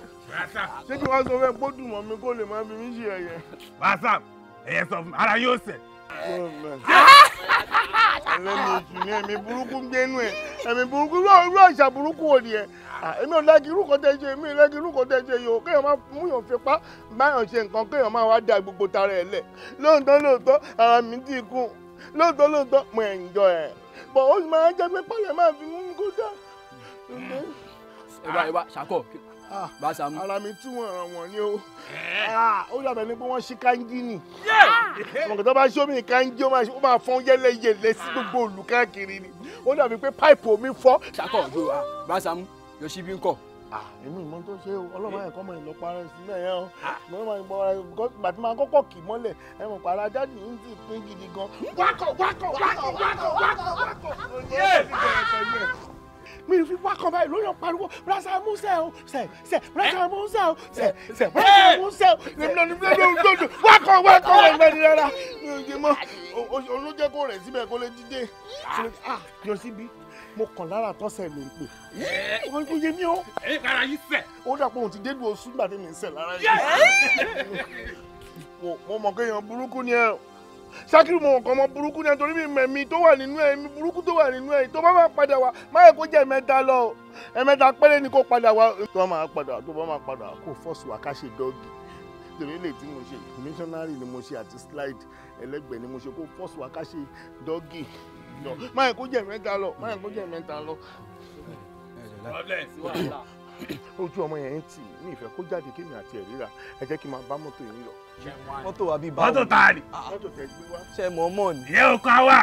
ṣé kí wọ́n sọ fẹ́ gbódùn mọ́ mi kó lè má fi mí ṣe ẹ̀yẹ. bàtà ẹ̀yẹ sọ fún mi ara yóò sẹ̀. ẹlẹ́mi èṣù ni ẹ̀mí burúkú gbénú ẹ̀ ẹ̀mí burúkú yóò rú àṣà burúkú òní ẹ̀ èmi ò lẹ́gì irú kan tẹ́ ṣe èmi lẹ́gì irú kan tẹ́ ṣe yòó kéèyàn máa mú yàn fi pa báyàn ṣe nǹkan kéèyàn máa wá da gbogbo tara ẹ̀ lẹ̀ lóòótọ́ lóòótọ́ ara mi ti kú lóòótọ́ lóòótọ́ mo ẹ̀ ń jọ ẹ̀ bọ̀ ó sì máa jẹ́ pé pálẹ̀ máa fi mú mi kó dá. ìwà ìwà ṣàkọ Ah, bàṣàmù. ara mi tún wọn wọn ni o ah, ó dàbẹ̀ ni pé wọ́n ṣí kanji ni ah! ọ̀gá tó bá ṣe omi kanji ó máa fọ́n yẹ́lẹ́yẹ́lẹ́ sí gbogbo òlù káàkiri ni ó dàbí pé páìpù omi fọ́. sàkọ̀ ọ̀dọ́ wa bàṣàmù yọ̀ṣí bí ń kọ̀ èmi ìmọ̀ tó ṣe o ọlọ́mọ ẹ̀kọ́ mọ̀ ìlọ parẹ́ sílẹ̀ yẹn o mo máa ń gbọ́ ara bàtí máa kọ́kọ́ kì mọ́lẹ̀ ẹ mọ̀ pàrọ̀ ajá nìyí ti pín gidi gan. kan báyìí lóyún pariwo brasa musa o sẹ sẹ brasa eh? musa o sẹ eh? sẹ brasa eh? musa o lèmi lọ níbi lọ́dọ̀ lọ́dọ̀ wákọ̀ wákọ̀ wẹ̀ mẹ́rin rárá mi ò jẹ mọ́ olójẹ́ kò rẹ̀ síbẹ̀ kó lè dídé ah, ah, yọ síbi mo kàn lára tọ́sẹ̀ mi ń pè wọ́n tún yé mi o. ẹ yìí sẹ̀. ó dà pé òun ti dédú oṣù gbàdé mi ń sẹ̀ lára yìí. mo mọ̀ kéèyàn burúkú ni ẹ ṣákìrì mọ̀ nǹkan ọmọ burúkú ni nítorí mi mẹ̀mí tó wà nínú ẹ̀ mi burúkú tó wà nínú ẹ̀ tó bá máa padà wá má yẹ kó jẹ́ ẹ̀mẹ́ta lọ ẹ̀mẹ́ta péré ni kó padà wá tó bá máa padà tó bá máa padà kó fọ́ọ̀sì wá ká ṣe dọ́ọ̀gì tèmi lè tí mo ṣe missionary ni mo ṣe àti slide ẹlẹ́gbẹ̀ẹ́ ni mo ṣe kó fọ́ọ̀sì wá ká ṣe dọ́ọ̀gì lọ má yẹ kó jẹ́ ẹ̀mẹ́ta lọ má yẹ kó jẹ́ ẹ̀mẹ́ta lọ. ojú ọmọ yẹn ń tì mọ́tò àbí báwo mọ́tò tá a nì. mọ́tò tẹ gbé wá. ṣe mọ́ mọ́ ni. ìyẹn ò kan wà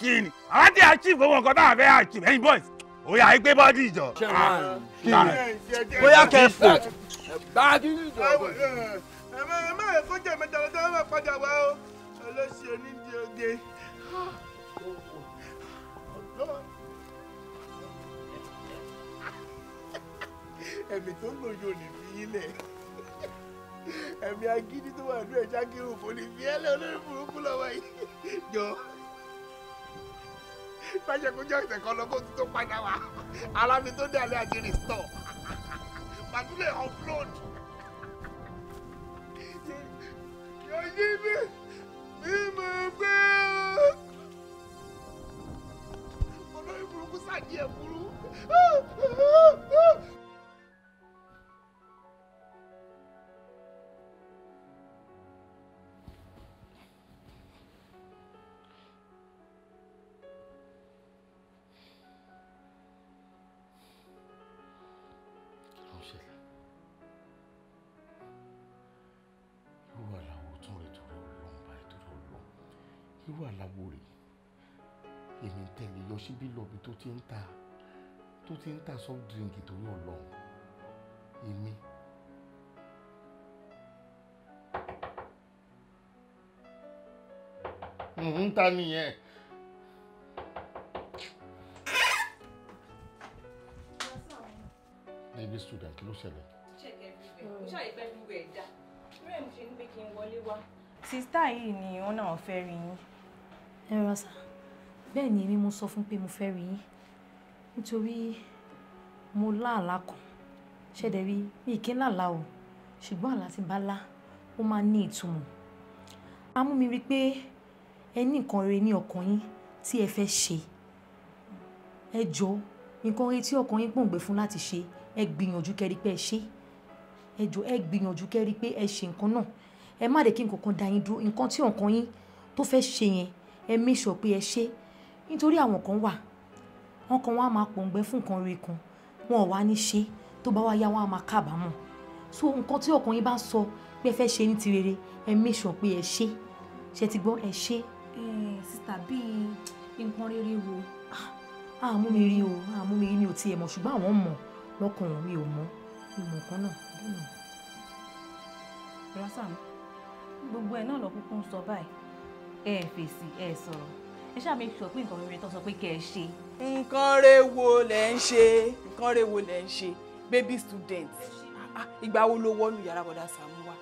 kí ni àwọn ti achieve gbogbo nǹkan tá a fẹ́ achieve ẹ̀yin boys ó yà gbé bọ́dì ìjọ. Ah, kí ni bóyá kẹfù. báàgì ní ìjọ ọ̀gbìn. ẹ má ẹ má yẹ kó jẹ mẹ́ta lọ́dọ̀ ẹ má padà wá o ọlọ́sì onídìí oge. ẹ̀mí tó ń lò yóò lè fi yín lẹ̀ ẹ̀mí agídí tó wà ní ẹ̀já kírun kò lè fi ẹ́lẹ́ olórí burúkú lọ́wọ́ yìí jọ bájẹ́ kó jẹ́ ọ̀sẹ̀ kan lọ kó tún tó padà wá alámi tó dé alẹ́ àti rìstọ̀ pàtúlẹ̀ offload yóò yí mi bí mo gbé olórí burúkú sàdí ẹ̀ burú. ti ń ta tó ti ń ta soft drink torí ọlọ́run èmi. ń ta nìyẹn. Baby student kí ló ṣẹlẹ̀? Check everywhere. Mo ṣàyè fẹ́ lu ẹ̀ dá. Rẹ̀ mo ṣe ní pé kí n wọlé wá. Sista yìí ni wọ́n náà fẹ́ rí yín. Ẹ rọ sá bẹ́ẹ̀ ni èmi mo sọ fún pé mo fẹ́ rí yín nítorí mo láàlá kan ṣẹ̀dẹ̀ rí mi kí n làlá o ṣùgbọ́n àlá tí bá lá ó máa ní ìtumọ̀ a mú mi rí i pé ẹ ní nǹkan rere ní ọkàn yín tí ẹ fẹ́ ṣe ẹ jọ nǹkan rere tí ọkàn yín pòǹgbẹ fún láti ṣe ẹ gbìyànjú kẹ́rí pé ẹ ṣe ẹ jọ ẹ gbìyànjú kẹ́rí pé ẹ ṣe nǹkan náà ẹ má dé kí nǹkan kan da yín dúró nǹkan tí ọkàn yín tó fẹ́ ṣe yẹn ẹ make sure pé ẹ ṣe é nítorí àwọn kan wà wọn kan wọn á máa pòǹgbẹ fún nǹkan rere kan wọn ò wá ní ṣe tó bá wá yá wọn á máa kábàámọ̀ so nǹkan tí ọkàn yín bá sọ pé ẹ fẹ́ ṣe ní ti rere ẹ mẹ́sàn pé ẹ ṣe ṣe ti gbọ́ ẹ ṣe. sísà bíi nǹkan rere wo. àmú mi rí o àmú mi rí mi ò tiẹ̀ mọ̀ ṣùgbọ́n àwọn mọ̀ lọ́kùnrin mi ò mọ̀ mi ò mọ̀ kan náà lónà. ìrásà mi gbogbo ẹ náà lọ kúkú ń sọ báyìí ẹ fèsì ẹ sọ̀rọ̀ ẹ ṣáà make nǹkan rere tó sọ pé kẹ́ ẹ ṣe. nǹkan rẹ̀ wo lẹ̀ ń ṣe nǹkan rẹ̀ wo lẹ̀ ń ṣe baby student ah, ah, ìgbà wo ló wọnú yàrá bọ̀dá Sàámú wá.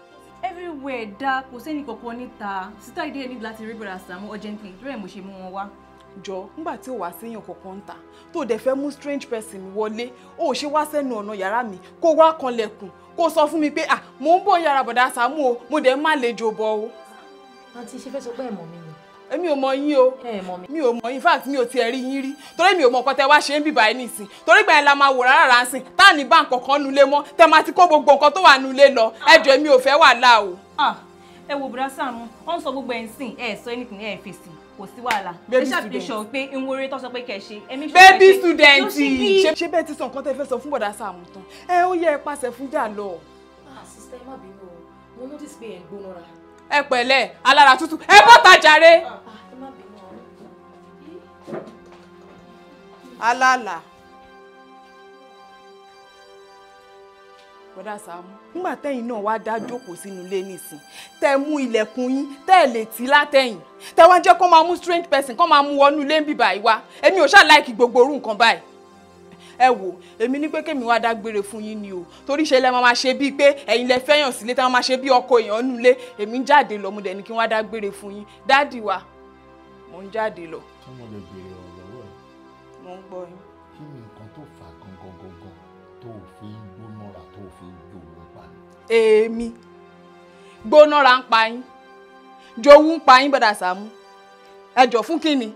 everywhere dá kò sẹ́ni kankan níta sítá ìdí ẹni láti rí bọ̀dá Sàámú urgently lórí ẹ̀ mo ṣe mú wọn wá. jọ nígbà tí ò wá séèyàn kankan ń ta tó dẹ̀ fẹ́ mú strange person wọlé ó ṣe wá sẹ́nu ọ̀nà yàrá mi kó wá kanlẹ̀kùn kó sọ fún mi pé ah mò ń bọ̀ yàrá bọ̀dá Sàámú o mo dẹ̀ má lè jò bọ̀ o. àǹtí ṣe fẹ́ sọ pé ẹ̀mọ́ mi ni èmi ò mọ yín o mi ò mọ yín fact mi ò tiẹ̀ rí yín rí torí mi ò mọ nǹkan tẹ wá ṣe ń bìbà ẹni ìsìn torí gbà yẹn la máa wò rárá rà ń sìn tá à ní bá nǹkan kan nulẹ̀ mọ́ tẹ máa ti kó gbogbo nǹkan tó wà nulẹ̀ lọ ẹjọ́ èmi ò fẹ́ wàhálà o. ẹ wo bùrọ̀ Sàámú ó ń sọ gbogbo ẹ̀ ń sìn ẹ̀ sọ anything ẹ̀ fèsì kò sí wàhálà ẹ ṣàfihàn sọ pé ìwúre tó sọ pé kẹ ṣe ẹmí ṣe pé baby student ṣe bẹ́ẹ̀ ti sọ nǹkan tẹ fẹ́ sọ fún bọ̀dá Sàámú tán ẹ ó yẹ ẹ pàṣẹ fún dà lọ. ah sister ẹ má bínú o mo notice pé ẹ gbóná ra ẹ pẹ̀lẹ́ alára tútù ẹ bọ́ta jàre. alala. bọ́dà Sàámú. nígbà tẹ́yìn náà wá dá jókòó sínú ilé nìsín tẹ́ mú ilẹ̀kùn yín tẹ́ lè tì látẹ̀yìn tẹ́ wá jẹ́ kó máa mú strange person kó máa mú wọnú ilé ń bíbá yìí wá èmi ò ṣáà láìkì gbogbo orú nǹkan báyìí ẹ wò èmi ní pé kémi wá dágbére fún yín ni o torí ṣe lẹ máa ṣe bíi pé ẹ̀yin lẹ fẹ́yàn sílé tá máa ṣe bíi ọkọ èèyàn nulẹ̀ èmi ń jáde lọ mo dẹ̀ ní kí wá dágbére fún yín dáàdì wa mo ń jáde lọ. kí mo lè béèrè ọ̀rọ̀ lọ́wọ́ ẹ̀. mo ń gbọ́ yín. kí ni nǹkan tó fà gangan gangan tó o fi ń gbónára tó o fi ń jòwó ń pa ni. èmi gbónára ń pa yín jòwó ń pa yín bọ́dà Sàámú ẹ fún kí ni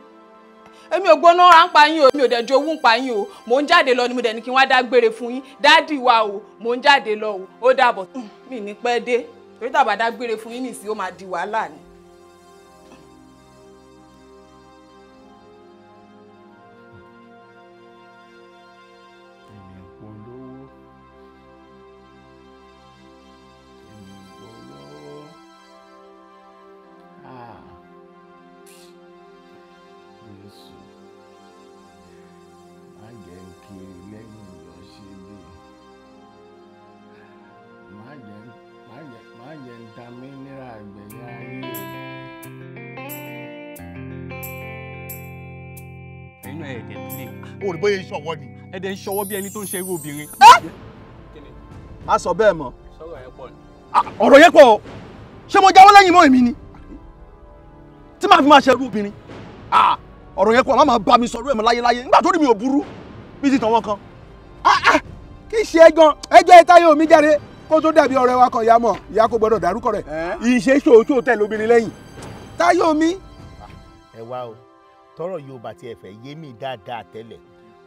èmi ò gbóná ra ń pa yín o èmi ò dẹ̀ jowú ń pa yín o mò ń jáde lọ ni mo dẹ̀ ní kí wọ́n á dágbére fún yín dáàdì wa o mò ń jáde lọ o ó dàbọ̀ hmm, mi ní pẹ́ dé torí tàbá dágbére fún yín nìsí ó máa di wàhálà ni. o rò bóyá ìṣọwọ́ ni. ẹ dẹ̀ ń ṣọwọ́ bí ẹni tó ń ṣe irú obìnrin. a sọ bẹ́ẹ̀ mọ́. ọ̀rọ̀ yẹn pọ̀ ṣé mo jáwọ́ lẹ́yìn mọ́ èmi ni tí màá fi máa ṣerú obìnrin ọ̀rọ̀ yẹn pọ̀ má máa bá mi sọ̀rọ̀ ẹ̀mọ́ láyéláyé nígbà tó rí mi ò burú bí ti tàn wọ́n kan. kí ṣe é gan ẹjọ́ ẹ táyé omi jáde kó tó dàbí ọ̀rẹ́ wa kan ìyá mọ̀ ìyá kò gbọ́dọ̀ dárúkọ rẹ̀ ìṣe ṣòótọ́ tẹ̀ lóbìnrin lẹ́yìn táyé omi. ẹ wá o tọrọ Yorùbá tí ẹ fẹ́ yé mi dáadáa tẹ́lẹ̀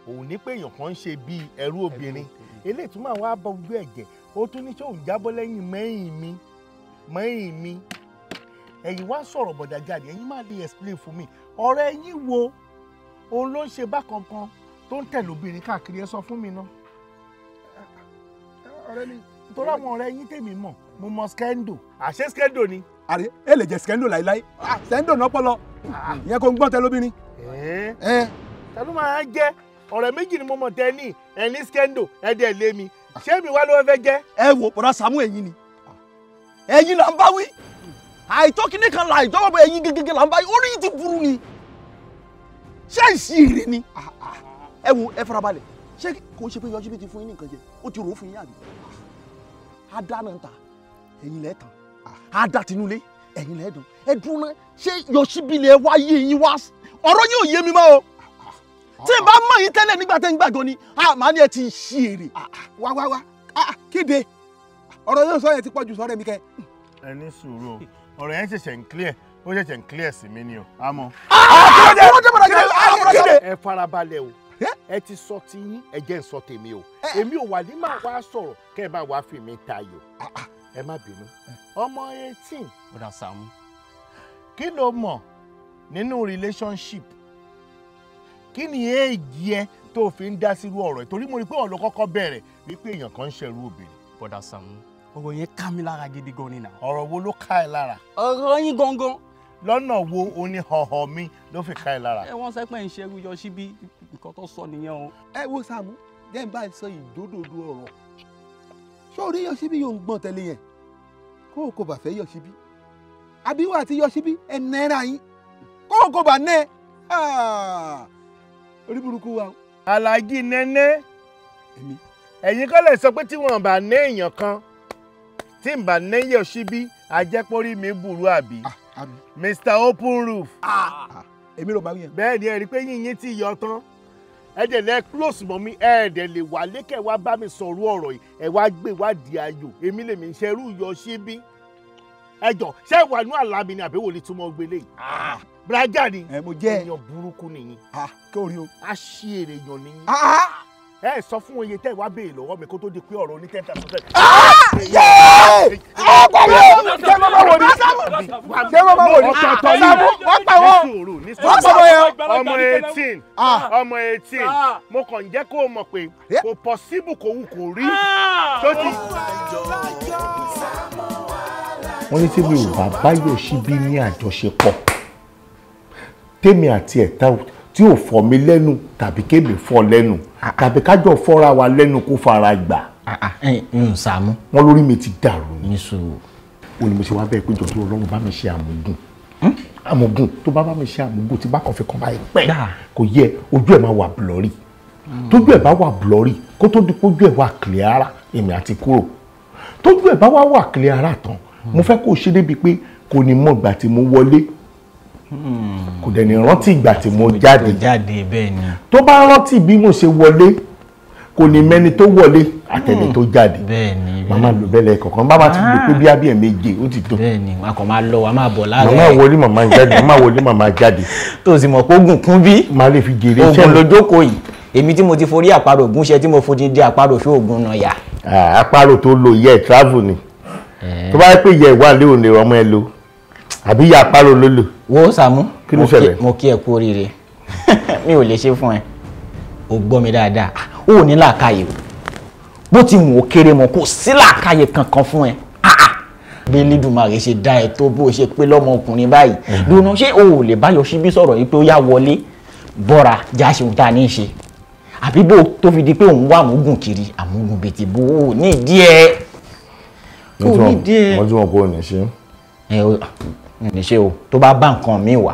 òun ní pé èèyàn kan ń ṣe bíi ẹrú obìnrin eléyìí tún máa wá bọ gbogbo ẹ̀jẹ̀ ó tún ní sóun jábọ́ lẹ́yìn mẹ́yìn mi mẹ́yìn mi ẹ̀yin wá sọ̀rọ̀ bọ̀dà jáde ẹ̀yin máa lè explain fún mi ọ̀rẹ́ yín wo òun ló ń ṣe bákan kan tó ń tẹ̀lé obìnrin káàkiri ẹ sọ fún mi náà. ọ̀rẹ́ mi torí àwọn ọ̀rẹ́ yín tèmi mọ̀ mo mọ skendo àṣé skendo ni. àrẹ ẹ lè jẹ skendo láíláí ah, skendo náà pọ̀ lọ ah. ìyẹn kò ń gbọ́ tẹ ẹ ẹ tẹnu máa ń jẹ ọ̀rẹ́ méjì ni mo mọ̀ tẹ́ ẹni skendo ẹ̀dẹ̀ lé mi ṣé mi wá ló fẹ́ jẹ́. ẹ wo bọ̀dá Sàámú ẹ̀yin ni ẹ̀yin là ń bá wí àìtọ́ kíní kan là àìtọ́ bàbá ẹ̀yin gẹ́gẹ́ là ń bá wí orí yìí ti burú ni ṣé àìsí èrè ni ẹ wo ẹ farabalẹ̀ ṣé kò ṣe pé yọjú bí ti fún yín nìkan jẹ ó ti rò ó fún yín àbí adáná ta ẹ̀yin lẹ́ẹ̀ tán adá tinúlé ẹ̀yin lẹ́ẹ̀ ẹ dúró náà ṣé yọṣíbí o tí n bá mọ̀ yín tẹ́lẹ̀ nígbà tẹ́ ń gbàgbọ́ ni màá ní ẹ ti ṣí èrè. Ah, ah. wá wá wá ah, kéde ọ̀rọ̀ yóò sọ yẹn ti pọ̀jù sọ́rẹ́ mi kẹ́. ẹ ní sùúrù o ọ̀rọ̀ yẹn ṣẹ̀ṣẹ̀ ń clear ó ṣẹ̀ṣẹ̀ ń clear sí mi ni o àmọ́. ẹ farabalẹ̀ o ẹ ti sọ ti yín ẹ jẹ́ ń sọ tèmi o èmi ò wà ní máa wá sọ̀rọ̀ kẹ́ ẹ máa wá fi mi tayò ẹ má bínú ọmọ eighteen. bọ́dà Sàámú. kí ló mọ̀ nínú relationship kí ni èèjì ẹ tó fi ń dá sírú ọ̀rọ̀ ẹ̀ torí mo rí pé ọ̀rọ̀ kọ́kọ́ bẹ̀rẹ̀ wípé èèyàn kan ń ṣẹ̀rú obìnrin. bọ́dà Sàámú ọ̀rọ̀ yẹn ká mi lára gidi gan ni nà. ọ̀rọ̀ wo ló ká ẹ lára. ọ̀rọ̀ yín gangan. lọ́nà wo oní họ̀họ̀ mi ló fi ká ẹ lára. ẹ wọ́n sẹ́ ń ṣerú yọ síbí nǹkan tó sọ nìyẹn o. ẹ wo Sàámú jẹ́ ń bá ẹ sọ ìdódòdó ọ̀rọ̀ sórí yọ̀ṣíbí yóò ń gbọ́n tẹ̀lé yẹn kó o kò bà fẹ́ yọ̀ṣíbí àbíwá àti yọ̀ṣíbí ẹ̀ náírà yín kó o kò bà náà orí burúkú wa. alhaji nẹ́nẹ́ ẹ̀yin kọ́ lè sọ pé tí wọ́n bá ní èèyàn kan tí n bá ní yẹ̀ síbí ajẹ́pọ́rí mi burú àbí ah, mr open roof. Ah, ah, èmi ló bá wí yẹn. bẹ́ẹ̀ ni ẹ rí i pé yìnyín ti yọ tán ẹ dẹ̀ lẹ close mọ́ mi ẹ dẹ̀ lè wà lékè wá bá mi sọ̀rọ̀ ọ̀rọ̀ yìí ẹ wá gbé wá di ayò èmi lè mi ṣerú yọ síbí ẹ jọ ṣé ìwà inú àlá mi ni àbẹ̀wò lè túmọ̀ gbélé yìí braja ni èèyàn burúkú nìyí aṣèrè èèyàn nìyí ẹ sọ fún oye tẹ wá béèrè lọ́wọ́ mi kó tó di pé ọ̀rọ̀ oní ten thousand fẹ. ọ pẹ̀lú ṣé mo máa wò ní ṣé mo máa wò ní ṣàmú wọ́n pẹ̀ wọ́n wọ́n sọ wọ́n yẹn. ọmọ eighteen ọmọ eighteen mo kàn ń jẹ́ kó o mọ̀ pé kò pọ̀síbù kò wù kò rí tó ti. wọ́n ní tí mi ò bá báyọ̀ síbí ní àjọṣepọ̀ tèmi àti ẹ̀ tá tí ò fọ́ mi lẹ́nu tàbí kémi fọ́ lẹ́nu ah, ah. tàbí kájọ fọ́ra wa lẹ́nu kó fara gbà. Ah, Sàámú. wọ́n lórí mi ti dàrú. o ní mo ṣe wá bẹ́ẹ̀ pé jọ̀dún ọlọ́run bá mi ṣe àmúgùn hm? àmúgùn tó bá bá mi ṣe àmúgùn tí bá kàn fi kàn báyìí pẹ́ kò yẹ ojú ẹ̀ máa wà blurry hmm. tójú ẹ̀ bá wà blurry kó tó di kójú ẹ̀ wà clear ara èmi àti kúrò tójú ẹ̀ bá wà wà clear ara tán mo hmm. fẹ́ kó o ṣe débi pé kò ní mọ̀gbà tí mo wọlé Hmm. kò dẹ̀ ní rántí ìgbà tí mo jáde tó bá rántí bí mo ṣe wọlé kò ní mẹ́ni tó wọlé àtẹni hmm. tó jáde màmá lò bẹ́ẹ̀ lẹ́ẹ̀kọ̀ kan bá bá ti lò pé ah. bí abíyẹ̀ méje ó ti tó a kò máa lọ wa máa bọ̀ láàárọ̀ màmá wọlé màmá jáde màmá wọlé màmá jáde tó sì mọ̀ pé ogun kún bí ogun lójókòó yìí èmi tí mo ti forí àparò ògùn ṣe tí mo fojú di àparò fi ògùn náà yà. àparò tó lo yẹ travel ni tó bá yẹ pé yẹ ìwà lé lè ọmọ ẹ lo àbí ya àparò lólò. wo Sàámú kí ló ṣẹlẹ̀ mo kí ẹ kú oríire mi ò lè ṣe fún ẹ o gbọ́ mi dáadáa o ò ní làákàyè o bó ti wù ó kéré mọ kò sí làákàyè kankan fún ẹ bí lídùmarè ṣe dá ẹ tó bó ṣe pé lọ́mọkùnrin báyìí mm-hmm. dùnú ṣé o ò lè báyọ̀ síbí sọ̀rọ̀ yìí pé ó yá wọlé bọ́ra já ṣe òun tá a ní í ṣe àbí bó tó fi di pé òun wà múgùn kiri àmúgùn bètè bó o ní ìdí ẹ. mo tún wọn kó o ní ṣe níṣẹ́ o tó bá bá nǹkan mi wà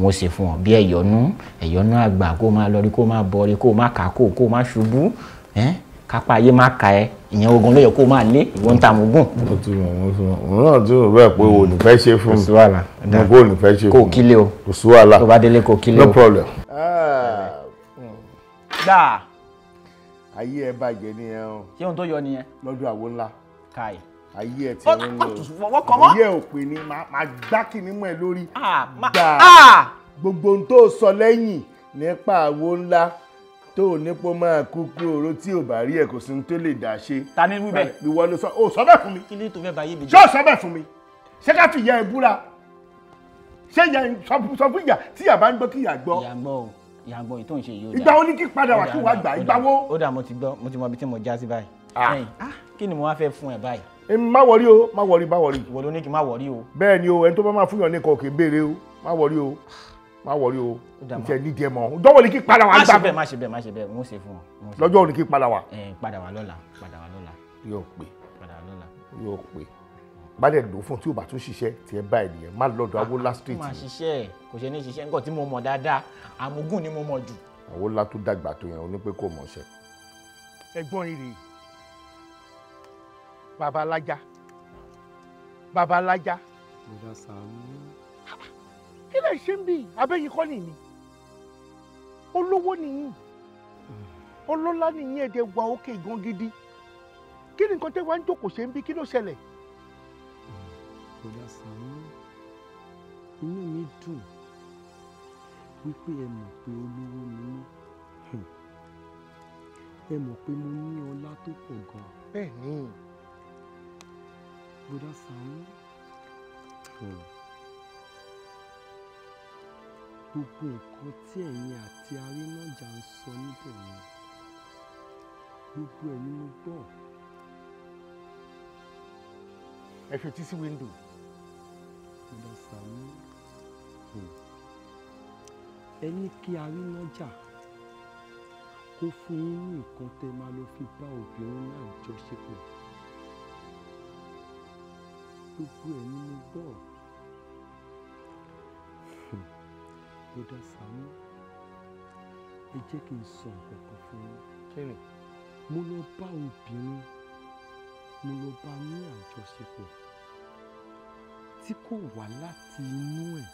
wọn ṣe fún ọ bí ẹ̀yọ́nú ẹ̀yọ́nú àgbà kó máa lọrí kó máa bọrí kó máa kà kó kó máa ṣubú kápá ayé máa ka ẹ ìyẹn ogun ló yẹ kó máa lé ìwọ ń ta mú gùn. mo ti mọ̀ mo ti mọ̀ òun náà tí mo bẹ́ẹ̀ pé òun ìfẹ́ ṣe fún mi mo kó òun ìfẹ́ ṣe fún mi kò kílé o kò sí wàhálà tó bá délé kò kílé o no problem. dáa ayé ẹ bàjẹ́ nìyẹn o ṣé ohun tó yọ nìyẹn lọ́dún àwo ńlá. káì ayé ẹ ti rún ní o ayé ò pè ní máa gbá kìíní mọ́ ẹ lórí gbà gbogbo ohun tó sọ lẹ́yìn nípa àwo ńlá tó o nípo máa kú kú oró tí ò bá rí ẹ kò sí ní tó lè dá ṣe. ta ni wíbẹ ìwọ ló sọ o sọ bẹ́ẹ̀ fún mi kí ni tó fẹ́ bá yé mi jẹ ṣé o sọ bẹ́ẹ̀ fún mi ṣé ká fi ìyá ẹ búra ṣé ìyá sọ fún ìyá tí ìyá bá ń gbọ́ kí ìyá gbọ́. ìyá gbọ́ o ìyá gbọ́ èyí tó ń ṣe yìí dà ìgbà wo ni kí padà wá kí wàá gbà ìgbà wo. ó dà mo ti gbọ́ mo ti mọ ibi tí mo já sí báyìí. Ah. kí ni mo wá fẹ́ fún ẹ báyìí má wọrí o má wọrí má wọrí. ìwọ ló ní kí n má wọrí o. bẹ́ẹ̀ ni o ẹni tó bá máa fúnyàn ní nǹkan òkè béèrè o má wọrí o má wọrí o ìfẹ́ ní díẹ̀ mọ́ dọ́wọ́ ni kí padà wá. má ṣe bẹ́ẹ̀ má ṣe bẹ́ẹ̀ má ṣe bẹ́ẹ̀ n ó ṣe fún ọ. lọ́jọ́ òní kí padà wá. ẹ padà wá lọ́la padà wá lọ́la. yóò pè padà wá lọ́la. yóò pè bá dẹ̀ lò fún tí o bá tún ṣiṣẹ́ tiẹ̀ báyìí nìyẹn má lọ́dọ̀ awola ah, street. má ṣiṣẹ́ o ní pé kò mọ̀ ṣe. ẹ̀gbọ́n Babalaja, Babalaja. ìdá sàánú. kí lè ṣe ń bì abẹ́yìn kọ́ nìyí olówó nìyí ọlọ́lá nìyí ẹ̀dẹ̀ wà òkè gan gidi kí ni nǹkan tẹ́ wá ń jókòó ṣe ń bí kí ló ṣẹlẹ̀. ìdá sàánú inú mi dùn wípé ẹ mọ̀ pé olówó ni mí ẹ mọ̀ pé mo ní ọlá tó pọ̀ gan. bẹ́ẹ̀ ni. Hmm. Buddha found hmm. gbogbo nǹkan tí ẹ̀yin àti arínájà ń sọ níbẹ̀ yẹn gbogbo ẹ̀ ni mo gbọ́. ẹ fetí sí wíńdò. Buddha hmm. Sàámú ẹ ní kí arínájà kó fún yín ní nǹkan tẹ́ máa lọ fi bá obìnrin náà jọṣepọ̀ gbogbo ẹ̀ ni mo gbọ́ lọ́dà sàmú ẹ jẹ́ kí n sọ nǹkan kan fún yín. kí ni. mo lọ bá obìnrin mo lọ bá ní àjọṣepọ̀ tí kò wá láti inú ẹ̀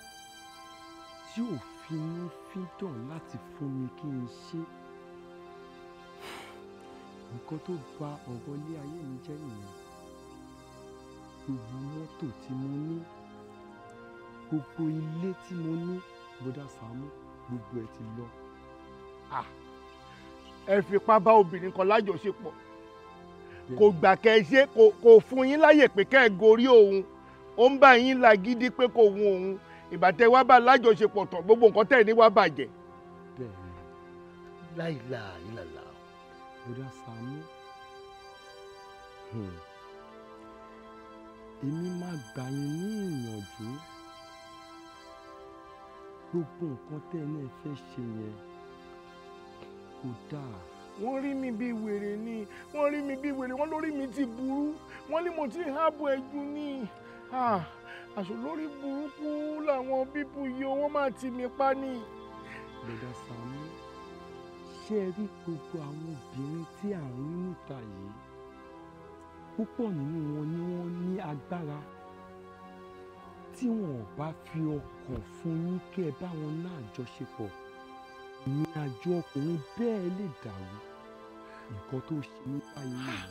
tí ò fi ní fídàn láti fún mi kí n ṣe nǹkan tó ba ọ̀rọ̀ ilé ayé mi jẹ́ nìyẹn gbogbo mọ́tò tí mo ní gbogbo ilé tí mo ní bọ́dà Sàámú gbogbo ẹ̀ ti lọ. Ah, ẹ fipá bá obìnrin kan lájọṣepọ̀ kò gbà kẹ́ kò fún yín láyè pé kẹ́ gorí òun ó ń bá yín la gidi pé kò wù òun ìbàtẹ́ wá bá lájọṣepọ̀ tán gbogbo nǹkan tẹ̀ ní wá bàjẹ́. bẹ́ẹ̀ni láìláà ìlàlà bọ́dà Sàámú. Hmm èmi máa gbà yín ní ìyànjú gbogbo nǹkan tẹ́ ẹ náà fẹ́ ṣe yẹn kò dáa. wọ́n rí mi bí wèrè ni wọ́n rí mi bí wèrè wọ́n lórí mi ti burú wọ́n ní mo ti hábọ̀ ẹ̀jú ni àṣọ lórí burúkú làwọn bíbú yìí wọ́n máa ti mi pa ni. bẹ̀dà Sàámú ṣé ẹ rí gbogbo àwọn obìnrin tí à ń rí níta yìí púpọ̀ nínú wọn ni wọ́n ní agbára tí wọn ò bá fi ọkàn fún yín kí ẹ bá wọn ní àjọṣepọ̀ ní àjọ ọkùnrin bẹ́ẹ̀ lè dàrú nǹkan tó ṣe ní báyìí nìyẹn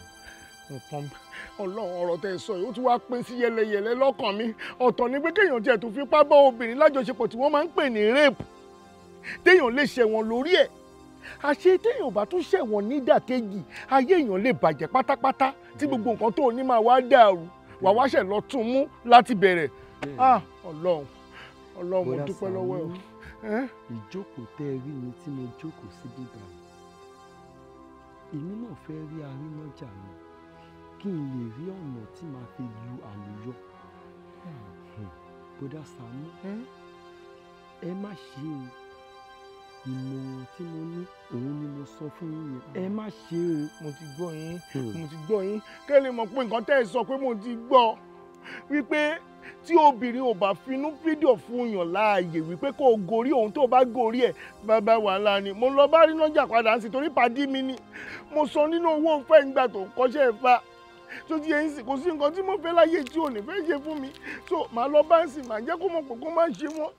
nǹkan ah, ọlọ́run ọ̀rọ̀ tẹ́ ẹ sọ yìí ó tún wá pín sí yẹlẹyẹlẹ lọ́kàn mi ọ̀tọ̀ ni pé kéèyàn jẹ́ tó fipá bá obìnrin lájọṣepọ̀ tí wọ́n máa ń pè ní rape téèyàn lè ṣẹ̀wọ̀n lórí ẹ̀ àṣé téèyàn bá tún ṣẹ̀wọ̀n nídàkejì ayé èèyàn lè bàjẹ́ pátápátá tí gbogbo nǹkan tó ní máa wá dàrú wà wá ṣẹ̀ lọ tún mú láti bẹ̀rẹ̀ ah ọlọ́run mo dúpẹ́ lọ́wọ́ ẹ̀. ìjókòó tẹ́ ẹ rí mi tí mo jókòó sí bíbá èmi náà fẹ́ rí arímọ́jà mi kí n lè rí ọ̀nà tí màá fi lu àlùyọ bódà Sàámú ẹ má ṣe o ìmọ̀ràn tí mo ní òun ni mo sọ fún yín ẹ má ṣe o. mo ti gbọ́ yín hmm. mo ti gbọ́ yín kẹ́ lè mọ̀ pé nǹkan tẹ́ ẹ sọ pé mo ti gbọ́ wípé tí obìnrin ò bá finú fídíò fún yàn láàyè wípé kó gorí òun tó bá gorí ẹ bàbá wàhálà ni mo lọ bá rí nájà padà sí torí pàdí mi ni mo sọ nínú owó fẹ́ ìgbà tó kọ́ṣẹ́ fa tó ti yẹn sì kò sí nǹkan tí mo fẹ́ láyé tí ò ní fẹ́ ṣe fún mi so màá lọ bá ń sìn màá jẹ́ kó mọ̀ pé kó má ṣe mọ́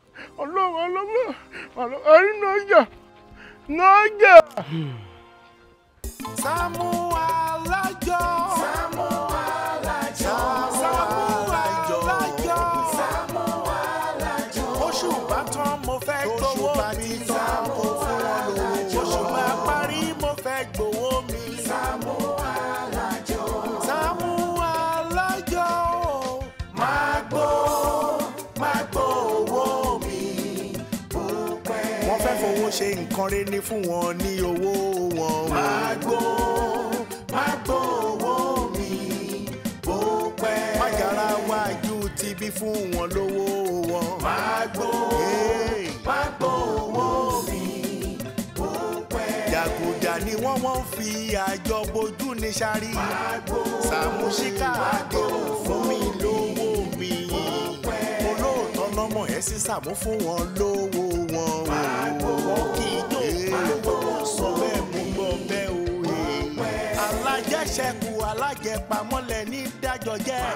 ọlọ́run ọlọ́run ọ̀rí nọ́jà nọ́jà. Sàámú alájọ. Sàámú. kọrin ní fún wọn ní owó wọn. Magbo, magbo owó mi, bó pẹ́. Májàra wájú ti bí fún wọn lówó wọn. Magbo, magbo owó mi, bó pẹ́. Jàgùjà ni wọ́n wọ́n fi àjọ bojú ní sáré. Magbo, magbo owó mi. bẹ̀rẹ̀ sí sàmú fún wọn lówó wọn o. wọ́n kì í sọ bẹ́ẹ̀ mú gbọ́ bẹ́ẹ̀ o. alájẹṣẹ́kù alájẹpamọ́lẹ̀ ní dájọ́ jẹ́.